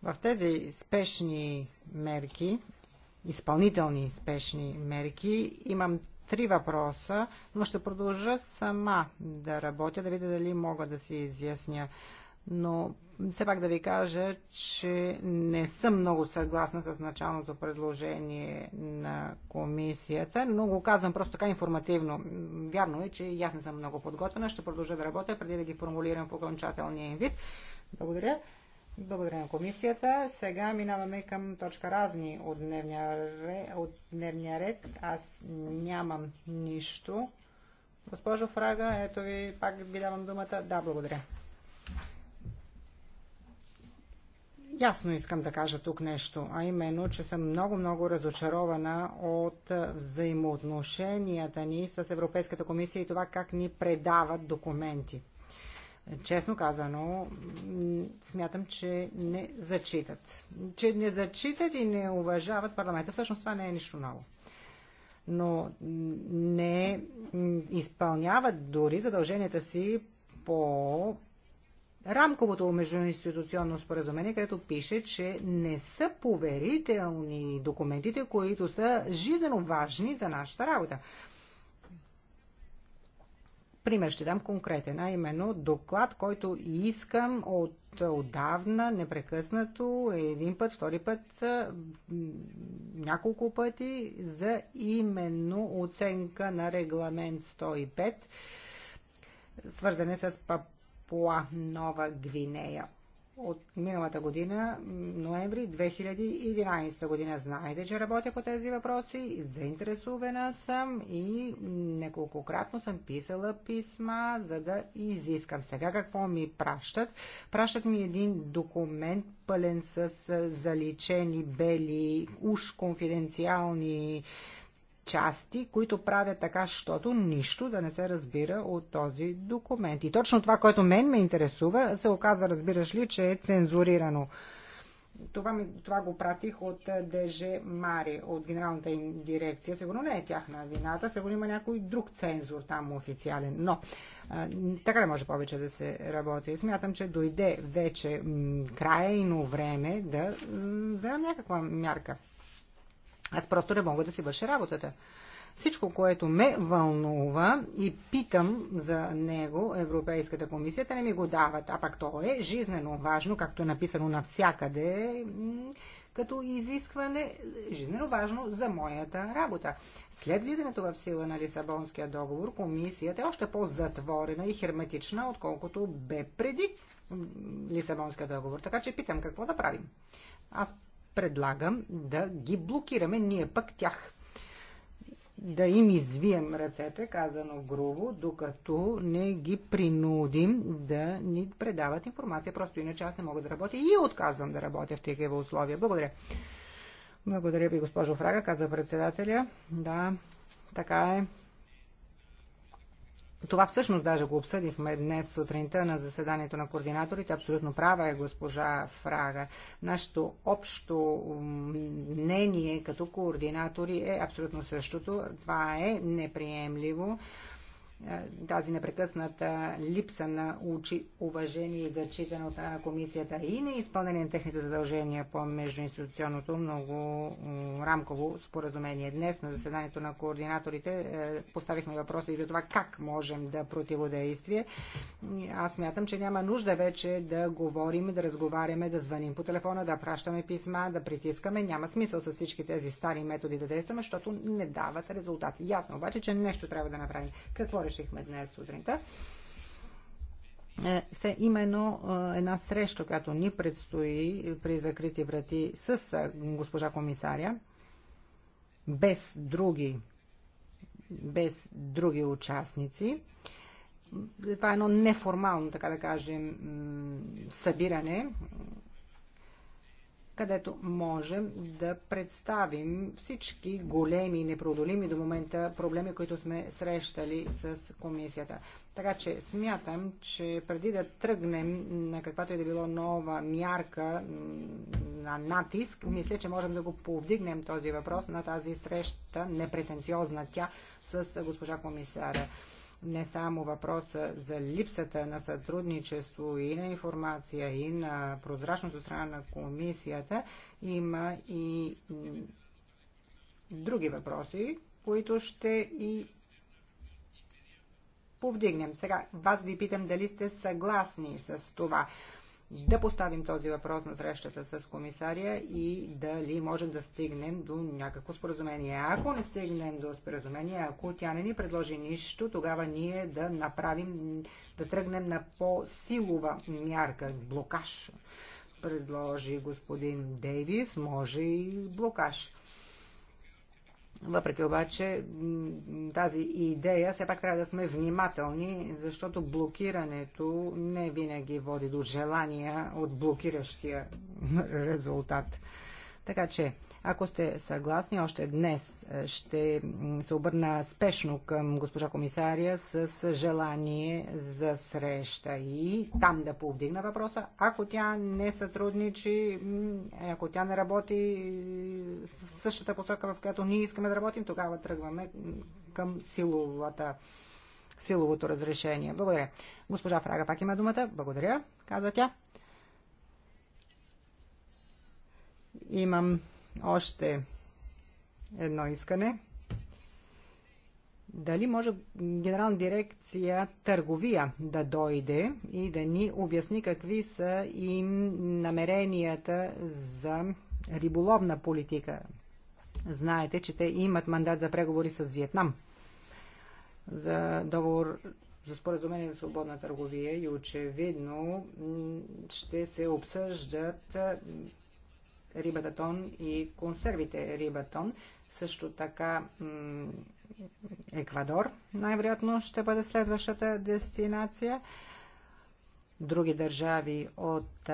В тези спешни мерки, изпълнителни спешни мерки, имам три въпроса, но ще продължа сама да работя, да видя дали мога да си изясня но все пак да ви кажа, че не съм много съгласна с началното предложение на комисията, но го казвам просто така информативно. Вярно е, че и аз не съм много подготвена. Ще продължа да работя преди да ги формулирам в окончателния им вид. Благодаря. Благодаря на комисията. Сега минаваме към точка разни от дневния, ред, от дневния ред. Аз нямам нищо. Госпожо Фрага, ето ви, пак ви давам думата. Да, благодаря. ясно искам да кажа тук нещо, а именно, че съм много-много разочарована от взаимоотношенията ни с Европейската комисия и това как ни предават документи. Честно казано, смятам, че не зачитат. Че не зачитат и не уважават парламента. Всъщност това не е нищо ново но не изпълняват дори задълженията си по рамковото междуинституционно споразумение, където пише, че не са поверителни документите, които са жизненно важни за нашата работа. Пример ще дам конкретен, а именно доклад, който искам от отдавна, непрекъснато, един път, втори път, няколко пъти, за именно оценка на регламент 105 свързане с Папуа Нова Гвинея от миналата година, ноември 2011 година. Знаете, че работя по тези въпроси, заинтересувана съм и неколкократно съм писала писма, за да изискам. Сега какво ми пращат? Пращат ми един документ, пълен с заличени бели, уж конфиденциални части, които правят така, щото нищо да не се разбира от този документ. И точно това, което мен ме интересува, се оказва, разбираш ли, че е цензурирано. Това, ми, това го пратих от ДЖ Мари, от генералната им дирекция. Сигурно не е тяхна вината, сигурно има някой друг цензур там официален. Но а, така не може повече да се работи. Смятам, че дойде вече м, крайно време да вземем някаква мярка. Аз просто не мога да си върша работата. Всичко, което ме вълнува и питам за него Европейската комисия, те не ми го дават. А пак то е жизнено важно, както е написано навсякъде, като изискване, жизнено важно за моята работа. След влизането в сила на Лисабонския договор, комисията е още по-затворена и херметична, отколкото бе преди Лисабонския договор. Така че питам какво да правим. Аз предлагам да ги блокираме ние пък тях. Да им извием ръцете, казано грубо, докато не ги принудим да ни предават информация. Просто иначе аз не мога да работя и отказвам да работя в такива условия. Благодаря. Благодаря ви, госпожо Фрага, каза председателя. Да, така е. Това всъщност даже го обсъдихме днес сутринта на заседанието на координаторите. Абсолютно права е госпожа Фрага. Нашето общо мнение като координатори е абсолютно същото. Това е неприемливо. Е, тази непрекъсната липса на учи, уважение и зачитане от страна на комисията и на изпълнение на техните задължения по междуинституционното много рамково споразумение. Днес на заседанието на координаторите е, поставихме въпроса и за това как можем да противодействие. Аз мятам, че няма нужда вече да говорим, да разговаряме, да звъним по телефона, да пращаме писма, да притискаме. Няма смисъл с всички тези стари методи да действаме, защото не дават резултат. Ясно обаче, че нещо трябва да направим. Какво завършихме днес сутринта, е именно е, една среща, която ни предстои при закрити врати с е, госпожа комисаря, без други, без други участници. Това е едно неформално, така да кажем, събиране където можем да представим всички големи, и непродолими до момента проблеми, които сме срещали с комисията. Така че смятам, че преди да тръгнем на каквато и е да било нова мярка на натиск, мисля, че можем да го повдигнем този въпрос на тази среща, непретенциозна тя, с госпожа комисаря не само въпроса за липсата на сътрудничество и на информация и на прозрачност от страна на комисията, има и други въпроси, които ще и повдигнем. Сега вас ви питам дали сте съгласни с това да поставим този въпрос на срещата с комисария и дали можем да стигнем до някакво споразумение. Ако не стигнем до споразумение, ако тя не ни предложи нищо, тогава ние да направим, да тръгнем на по-силова мярка, блокаж. Предложи господин Дейвис, може и блокаж. Въпреки обаче тази идея, все пак трябва да сме внимателни, защото блокирането не винаги води до желания от блокиращия резултат. Така че ако сте съгласни, още днес е, ще се обърна спешно към госпожа комисария с е, желание за среща и там да повдигна въпроса, ако тя не сътрудничи, е, ако тя не работи в същата посока, в която ние искаме да работим, тогава тръгваме към силовата силовото разрешение. Благодаря. Госпожа Фрага пак има думата. Благодаря, каза тя. Имам още едно искане. Дали може генерална дирекция търговия да дойде и да ни обясни какви са им намеренията за риболовна политика? Знаете, че те имат мандат за преговори с Виетнам за договор за споразумение за свободна търговия и очевидно ще се обсъждат рибата тон и консервите риба тон. Също така Еквадор най-вероятно ще бъде следващата дестинация. Други държави от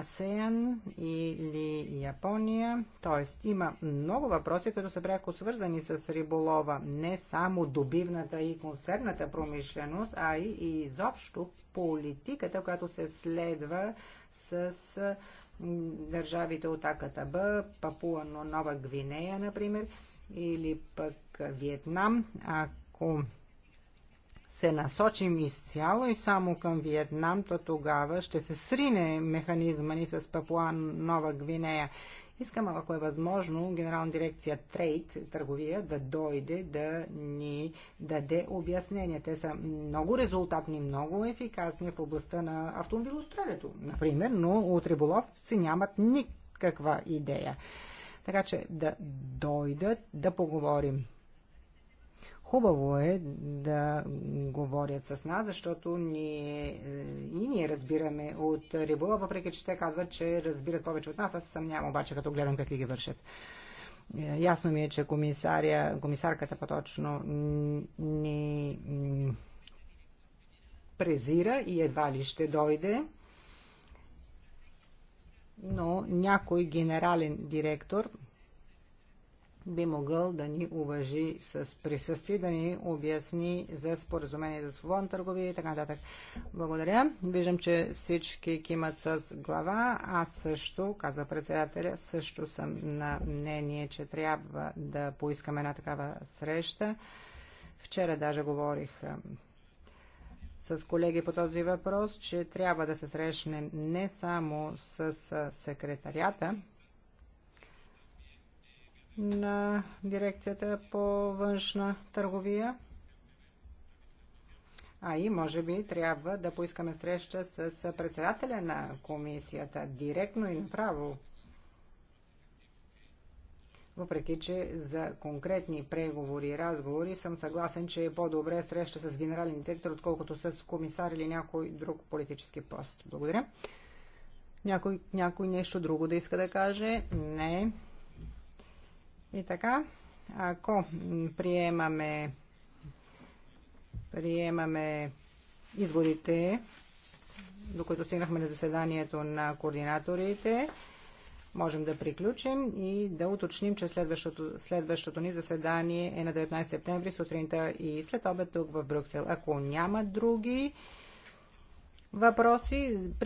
АСЕАН или Япония. Тоест има много въпроси, които са пряко свързани с риболова. Не само добивната и консервната промишленост, а и изобщо политиката, която се следва с държавите от АКТБ, Папуа Нова Гвинея, например, или пък Виетнам, ако се насочим изцяло и само към Виетнам, то тогава ще се срине механизма ни с Папуа Нова Гвинея Искам, ако е възможно, Генерална дирекция Трейд, търговия, да дойде да ни даде обяснение. Те са много резултатни, много ефикасни в областта на автомобилостроенето, например, но от риболов си нямат никаква идея. Така че да дойдат да поговорим Хубаво е да говорят с нас, защото ние е, и ние разбираме от рибола, въпреки че те казват, че разбират повече от нас. Аз съмнявам обаче, като гледам какви ги вършат. Е, ясно ми е, че комисария, комисарката по-точно ни презира и едва ли ще дойде, но някой генерален директор би могъл да ни уважи с присъствие, да ни обясни за споразумение за свободна търговия и така нататък. Благодаря. Виждам, че всички кимат с глава. Аз също, каза председателя, също съм на мнение, че трябва да поискаме една такава среща. Вчера даже говорих с колеги по този въпрос, че трябва да се срещнем не само с секретарята, на дирекцията по външна търговия. А и може би трябва да поискаме среща с председателя на комисията директно и направо. Въпреки, че за конкретни преговори и разговори съм съгласен, че е по-добре среща с генерален директор, отколкото с комисар или някой друг политически пост. Благодаря. Някой, някой нещо друго да иска да каже? Не. И така, ако приемаме, приемаме изводите, до които стигнахме на заседанието на координаторите, можем да приключим и да уточним, че следващото, следващото ни заседание е на 19 септември сутринта и след обед тук в Брюксел. Ако няма други въпроси,